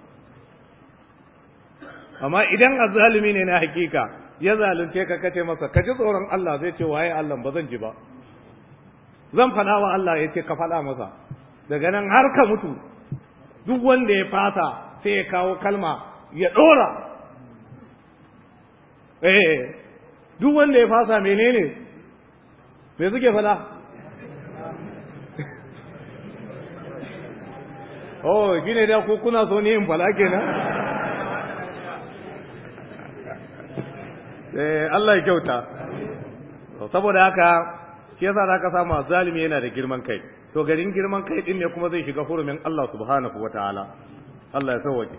amma idan azzalimi ne na hakika ya zalunce ka kace masa ka ji tsoron Allah zai ce waye Allah ba zan ji ba zan fada wa Allah ya ce ka faɗa masa daga nan har ka mutu duk wanda ya fata sai ya kawo kalma ya ɗora eh duk wanda ya fasa menene me suke fada oh gine da ku kuna so ne in fada kenan eh Allah ya kyauta saboda haka shi yasa kasa samu zalimi yana da girman kai so garin girman kai ɗin ne kuma zai shiga hurumin Allah subhanahu ta'ala. Allah ya sauwake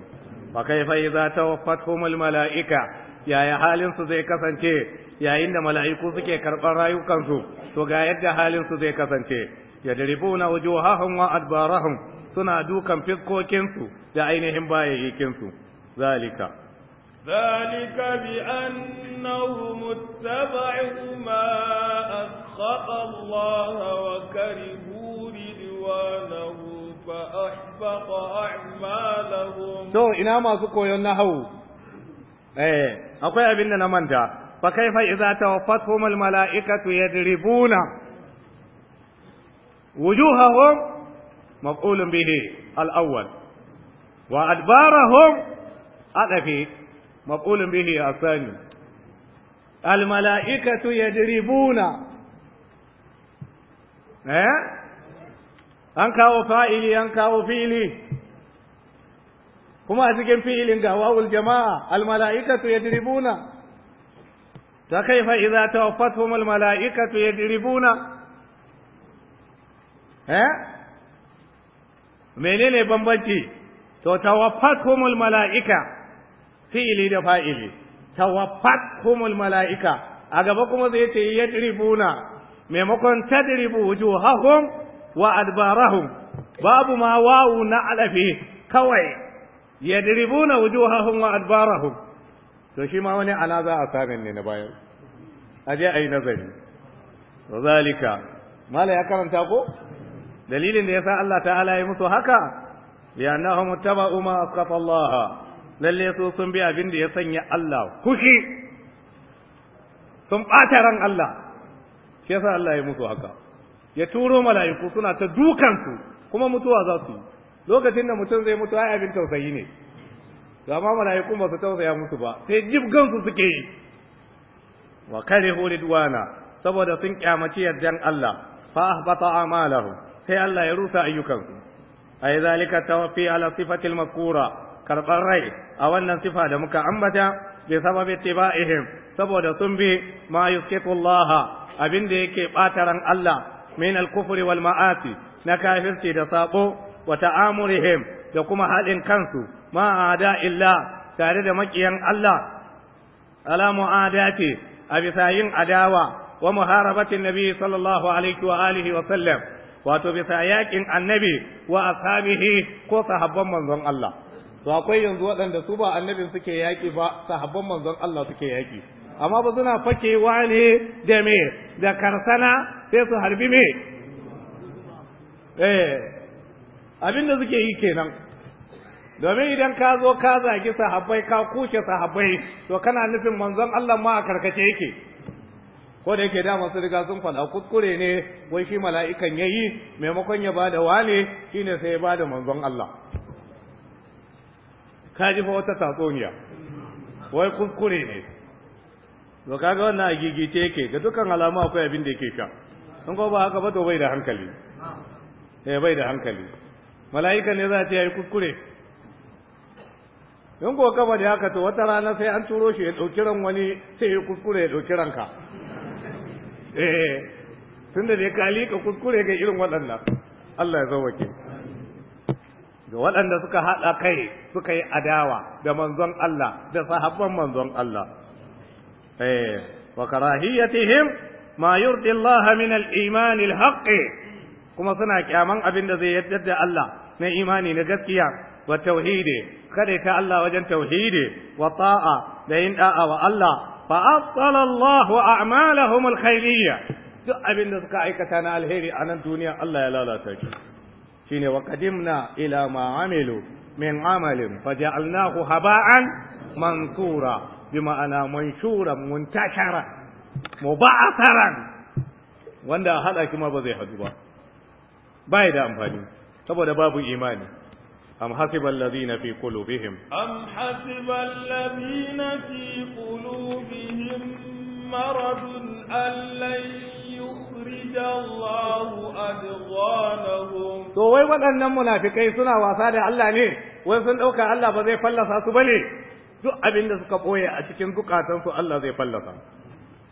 fa kaifa idza tawaffatuhumul malaika yaya halinsu zai kasance yayin da mala'iku suke karɓar rayukansu to ga yadda halinsu zai kasance ya daribuna wujuhahum wa adbarahum suna dukan fiskokinsu da ainihin bayayyakinsu zalika zalika bi annahum ittaba'u ma akhata Allah wa karibu فأحبط أعمالهم تو إنا ما سكو ينهو إيه أقول أبننا نمنجا فكيف إذا توفتهم الملائكة يضربون وجوههم مفعول به الأول وأدبارهم أدفي مفعول به الثاني الملائكة يضربون إيه an kawo fa'ili an kawo fili kuma a cikin fi'ilin ga wawul jama'a almala'ikatu yadribuna ta kaifa idza tawaffatuhum almala'ikatu yadribuna eh menene bambanci to tawaffatuhum malaika fi'ili da fa'ili tawaffatuhum malaika a gaba kuma zai ce yadribuna maimakon tadribu wujuhahum wa adbarahum babu ma wawu na alafi kawai yadribuna wujuhahum wa adbarahum to shi ma wani ana za a samin ne na bayan a je a yi nazari zalika mala ya karanta ko dalilin da yasa Allah ta'ala ya musu haka li'annahum ittaba'u ma asqata Allah lalle su sun bi abin da ya sanya Allah kushi sun ɓata ran Allah shi yasa Allah ya musu haka ya turo mala'iku suna ta dukansu kuma mutuwa za su yi lokacin da mutum zai mutu ai abin tausayi ne ga ma mala'iku ba su tausaya musu ba sai jibgansu suke yi wa karihu na, saboda sun kyamaci yardan Allah fa ahbata amalahu sai Allah ya rusa ayyukansu ai zalika tawfi ala sifati karɓar rai a wannan sifa da muka ambata bi sababi tibaihim saboda sun bi ma yusqitu abin da yake ɓataran Allah min al wal ma'asi na kafirci da saɓo wa ta'amurihim da kuma haɗin kansu ma ada illa tare da makiyan Allah ala mu'adati a bisa yin adawa wa muharabatin nabi sallallahu alaihi wa alihi wa sallam wato bisa yakin annabi wa ashabihi ko sahabban manzon Allah to akwai yanzu waɗanda su ba annabin suke yaki ba sahabban manzon Allah suke yaki amma ba suna fakewa ne da me da karsana sai su harbi me eh abin da suke yi kenan domin idan ka zo ka zagi sahabbai ka kuke sahabbai to kana nufin manzon Allah ma a karkace yake ko da yake da masu riga sun faɗa kuskure ne wai shi mala'ikan yayi maimakon ya bada wane shine sai ya bada manzon Allah ka ji fa wata tatsuniya wai kuskure ne ka kaga wannan a gigice yake ga dukkan alamu akwai abin da yake ka sun ko ba haka ba to bai da hankali eh bai da hankali mala'ika ne za ta yi kuskure in ko kama da haka to wata rana sai an turo shi ya dauki ran wani sai ya kuskure ya dauki ranka eh tunda da ka liƙa kuskure ga irin waɗannan Allah ya zawake da waɗanda suka haɗa kai suka yi adawa da manzon Allah da sahabban manzon Allah wa karahiyatihim ma yurdi Allah min al-iman al kuma suna kyaman abin da zai yarda da Allah na imani na gaskiya wa tauhidi kada ta Allah wajen tauhidi wa ta'a da yin da'a wa Allah fa afdala Allah a'malahum al-khayriyya duk abin da suka aikata na alheri a nan duniya Allah ya lalata shi shine wa qadimna ila ma amilu min amalin Fa faja'alnahu haba'an mansura bi ma'ana manshuran muntashara muba'asaran wanda hada kuma ba zai hadu ba bai da amfani saboda babu imani am hasiba alladhina fi qulubihim am hasiba alladhina fi qulubihim مرض أن لن يخرج الله أدغانهم to wai waɗannan munafikai suna wasa da Allah ne wai sun ɗauka Allah ba zai fallasa su bane duk abin da suka boye a cikin zukatansu Allah zai fallasa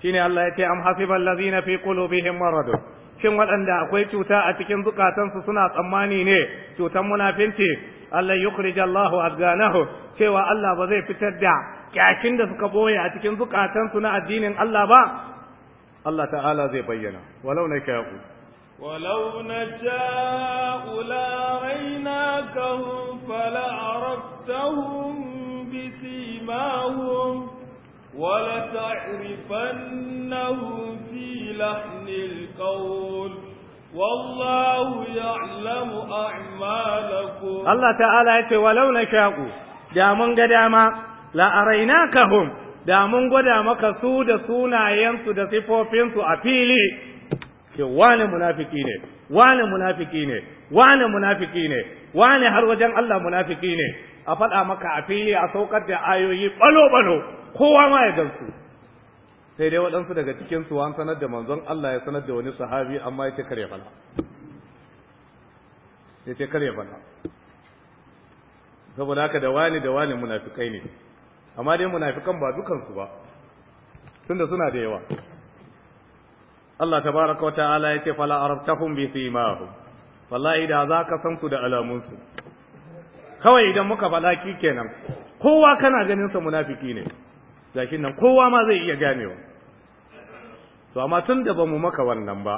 shine Allah ya ce am hasiba allazina fi qulubihim marad shin waɗanda akwai cuta a cikin zukatansu suna tsammani ne cutan munafinci Allah yukhrija Allahu azganahu cewa Allah ba zai fitar da kyakin da suka boye a cikin zukatansu na addinin Allah ba Allah ta'ala zai bayyana walau na ka yaku walau nasha'u la rainakahum بسيماهم ولتعرفنهم في لحن القول والله يعلم أعمالكم الله تعالى يتي ولو نشاء دامون قداما لا أريناكهم دامون قداما كسود سونا ينسو دسفو فينسو أفيلي ce wane munafiki ne wane munafiki ne wane munafiki ne wane har wajen Allah munafiki ne a faɗa maka a fili a saukar da ayoyi balo-balo kowa ma ya gansu sai dai waɗansu daga cikin su an sanar da manzon Allah ya sanar da wani sahabi amma ya ce kare fala ya ce kare fala saboda haka da wani da wani munafikai ne amma dai munafikan ba dukansu ba tunda suna da yawa Allah tabaraka wa ta'ala ya ce fala arabtahum bi simahum wallahi da za ka san su da alamunsu kawai idan muka balaki kenan kowa kana ganin sa munafiki ne gashin nan kowa ma zai iya ganewa to amma tun da bamu maka wannan ba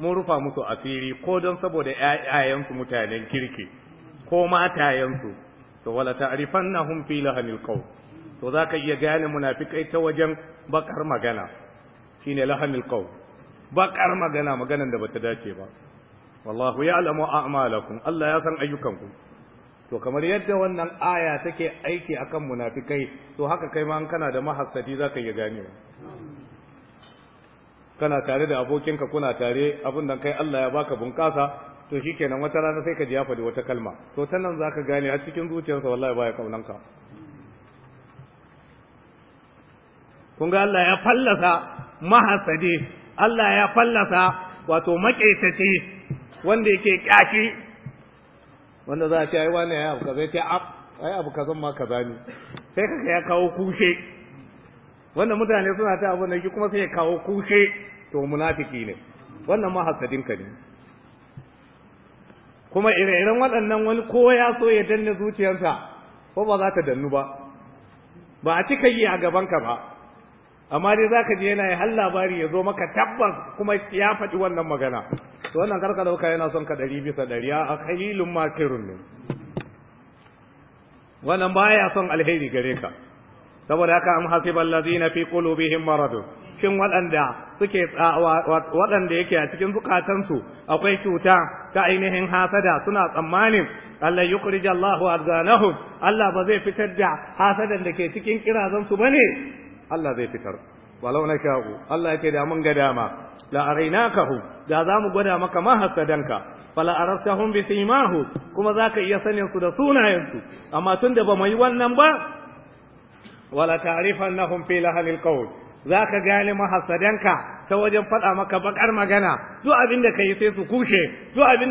mun rufa musu asiri ko don saboda ƴaƴayensu mutanen kirki ko matayensu to wala ta'rifannahum fi lahanil qawl to zaka iya gane munafikai ta wajen bakar magana shine lahanil qawl bakar magana maganan da bata dace ba wallahu ya'lamu a'malakum Allah ya san ayyukan ku. to kamar yadda wannan aya take aiki akan munafikai to haka kai ma kana da mahassadi zaka iya ganewa kana tare da abokinka kuna tare abin da kai Allah ya baka bunƙasa to shikenan wata rana sai ka ji ya faɗi wata kalma to ta nan zaka gane a cikin zuciyarsa wallahi baya kaunan ka kun ga Allah ya fallasa mahasadi Allah ya fallasa wato maƙetaci wanda yake ƙyashi wanda za a ce aiwa ne ya abu kaza ya ce ab ai abu kazan ma kaza ne sai kaka ya kawo kushe wanda mutane suna ta abu nake kuma sai ya kawo kushe to munafiki ne wannan ma hasadin ka ne kuma ire-iren waɗannan wani ko ya so ya danne zuciyarsa ko ba za ta dannu ba ba a cika yi a gabanka ba amma dai zaka je yana yi har labari ya zo maka tabbas kuma ya faɗi wannan magana to wannan karka dauka yana son ka ɗari bisa ɗari a kalilun makirin ne wannan baya son alheri gare ka saboda haka am hasiban ladina fi qulubihim maradun cikin waɗanda suke waɗanda yake a cikin zukatansu akwai cuta ta ainihin hasada suna tsammanin Allah yukhrij Allahu azanahum Allah ba zai fitar da hasadan da ke cikin kirazansu ne? Allah zai fitar walau na sha'u Allah yake da mun ga dama la arainakahu da za mu gwada maka mahasadanka fala arastahum bi simahu kuma zaka iya sanin su da sunayensu amma tunda ba mu yi wannan ba wala ta'rifannahum fi lahalil qawl zaka gane mahasadanka ta wajen faɗa maka bakar magana duk abinda ka yi sai su kushe duk abin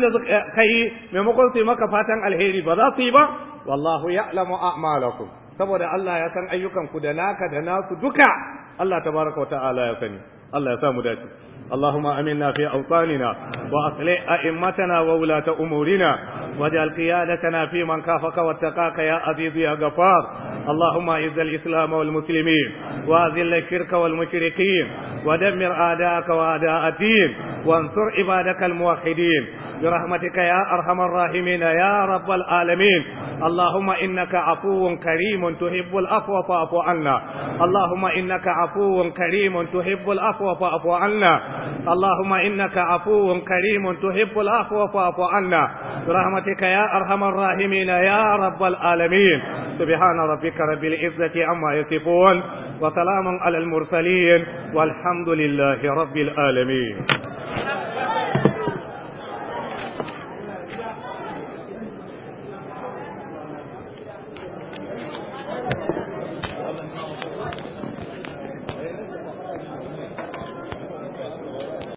ka yi, maimakon su yi maka fatan alheri ba za su yi ba wallahu ya'lamu a'malakum saboda Allah ya san ayyukan ku da naka da nasu duka Allah tabaraka wa ta'ala ya sani Allah ya samu dace اللهم امنا في اوطاننا واصلح ائمتنا وولاة امورنا واجعل قيادتنا في من كافك واتقاك يا عزيز يا غفار اللهم اعز الاسلام والمسلمين واذل الشرك والمشركين ودمر اعداءك واعداء الدين وانصر عبادك الموحدين برحمتك يا أرحم الراحمين يا رب العالمين اللهم إنك عفو كريم تحب الأفو فأفو عنا اللهم إنك عفو كريم تحب الأفو فأفو عنا اللهم إنك عفو كريم تحب الأفو فأفو عنا برحمتك يا أرحم الراحمين يا رب العالمين سبحان ربك رب العزة عما يصفون وسلام على المرسلين والحمد لله رب العالمين